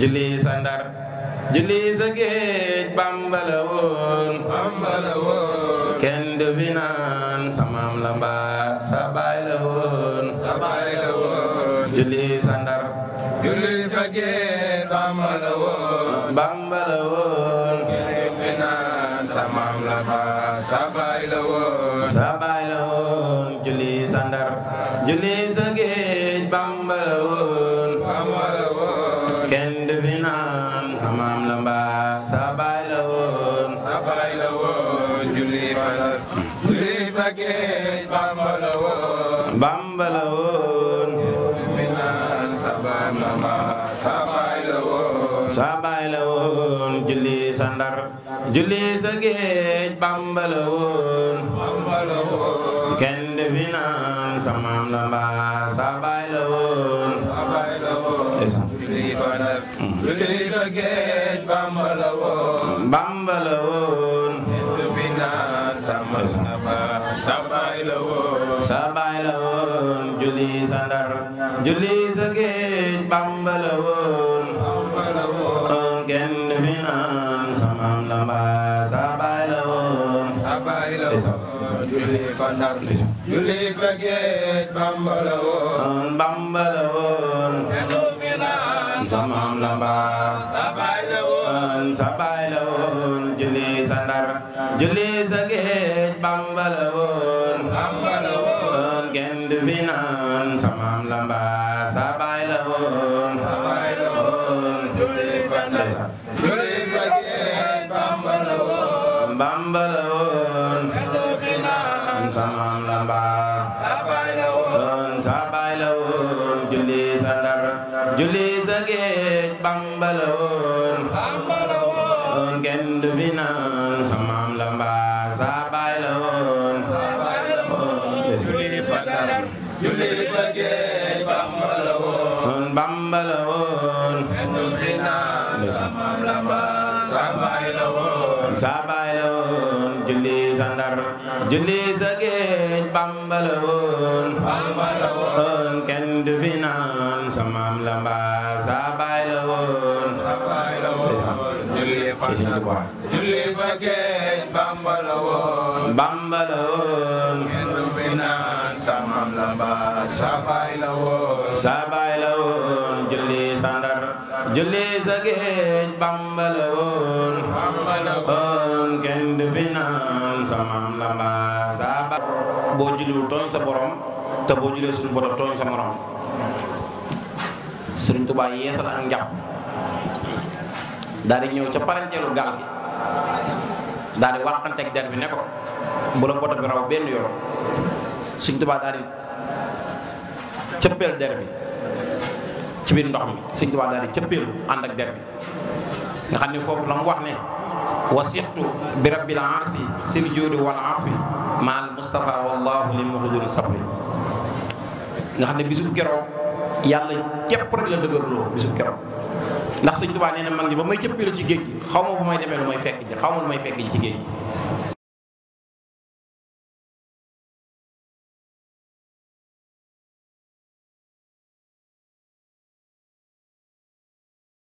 julli ndar julli géej Bàmba la woon Bàmba la woon kenn du fi naan sa la mbaa sa la woon sa la woon julli ndar julli géej Bàmba la woon Bàmba la woon julli sa géej Bamba la woon kenn sa maam la mbaa sa baay la sa géej Bamba la woon Bamba sa maam la mbaa sa baay la sa baay la julli sa Ndar julli sa géej Bamba la woon julli sa géej bambala woon bambala woon kenn du julli sa géej Bamba la woon Bamba la woon kenn du fi naan sa maam la mbaa sa baay la woon sa baay la woon julli bo julliwul ton sa borom te bo jullee suñu borom ton sa morom serigne touba yeesal ak njàpp daal di ñëw ca parenteelu gaal gi dari di waxante ak der bi ne ko bu la boto bi raw ben yoro serigne touba dari der ci ndox mi serigne touba dari ak der nga xamni fofu lam wax ne wasitu bi rabbil arsi sil juudi wal afi maal Moustapha wallaahu li muxdun safi nga xam ne bisub keroog yàlla képp rek la dëgërloo bisub keroog ndax Sëñ Tuubaa nee na man gi ba may cëppilu ci géej gi xaw ma bu may demee lu may fekk ji xaw ma lu may fekk ji ci géej gi.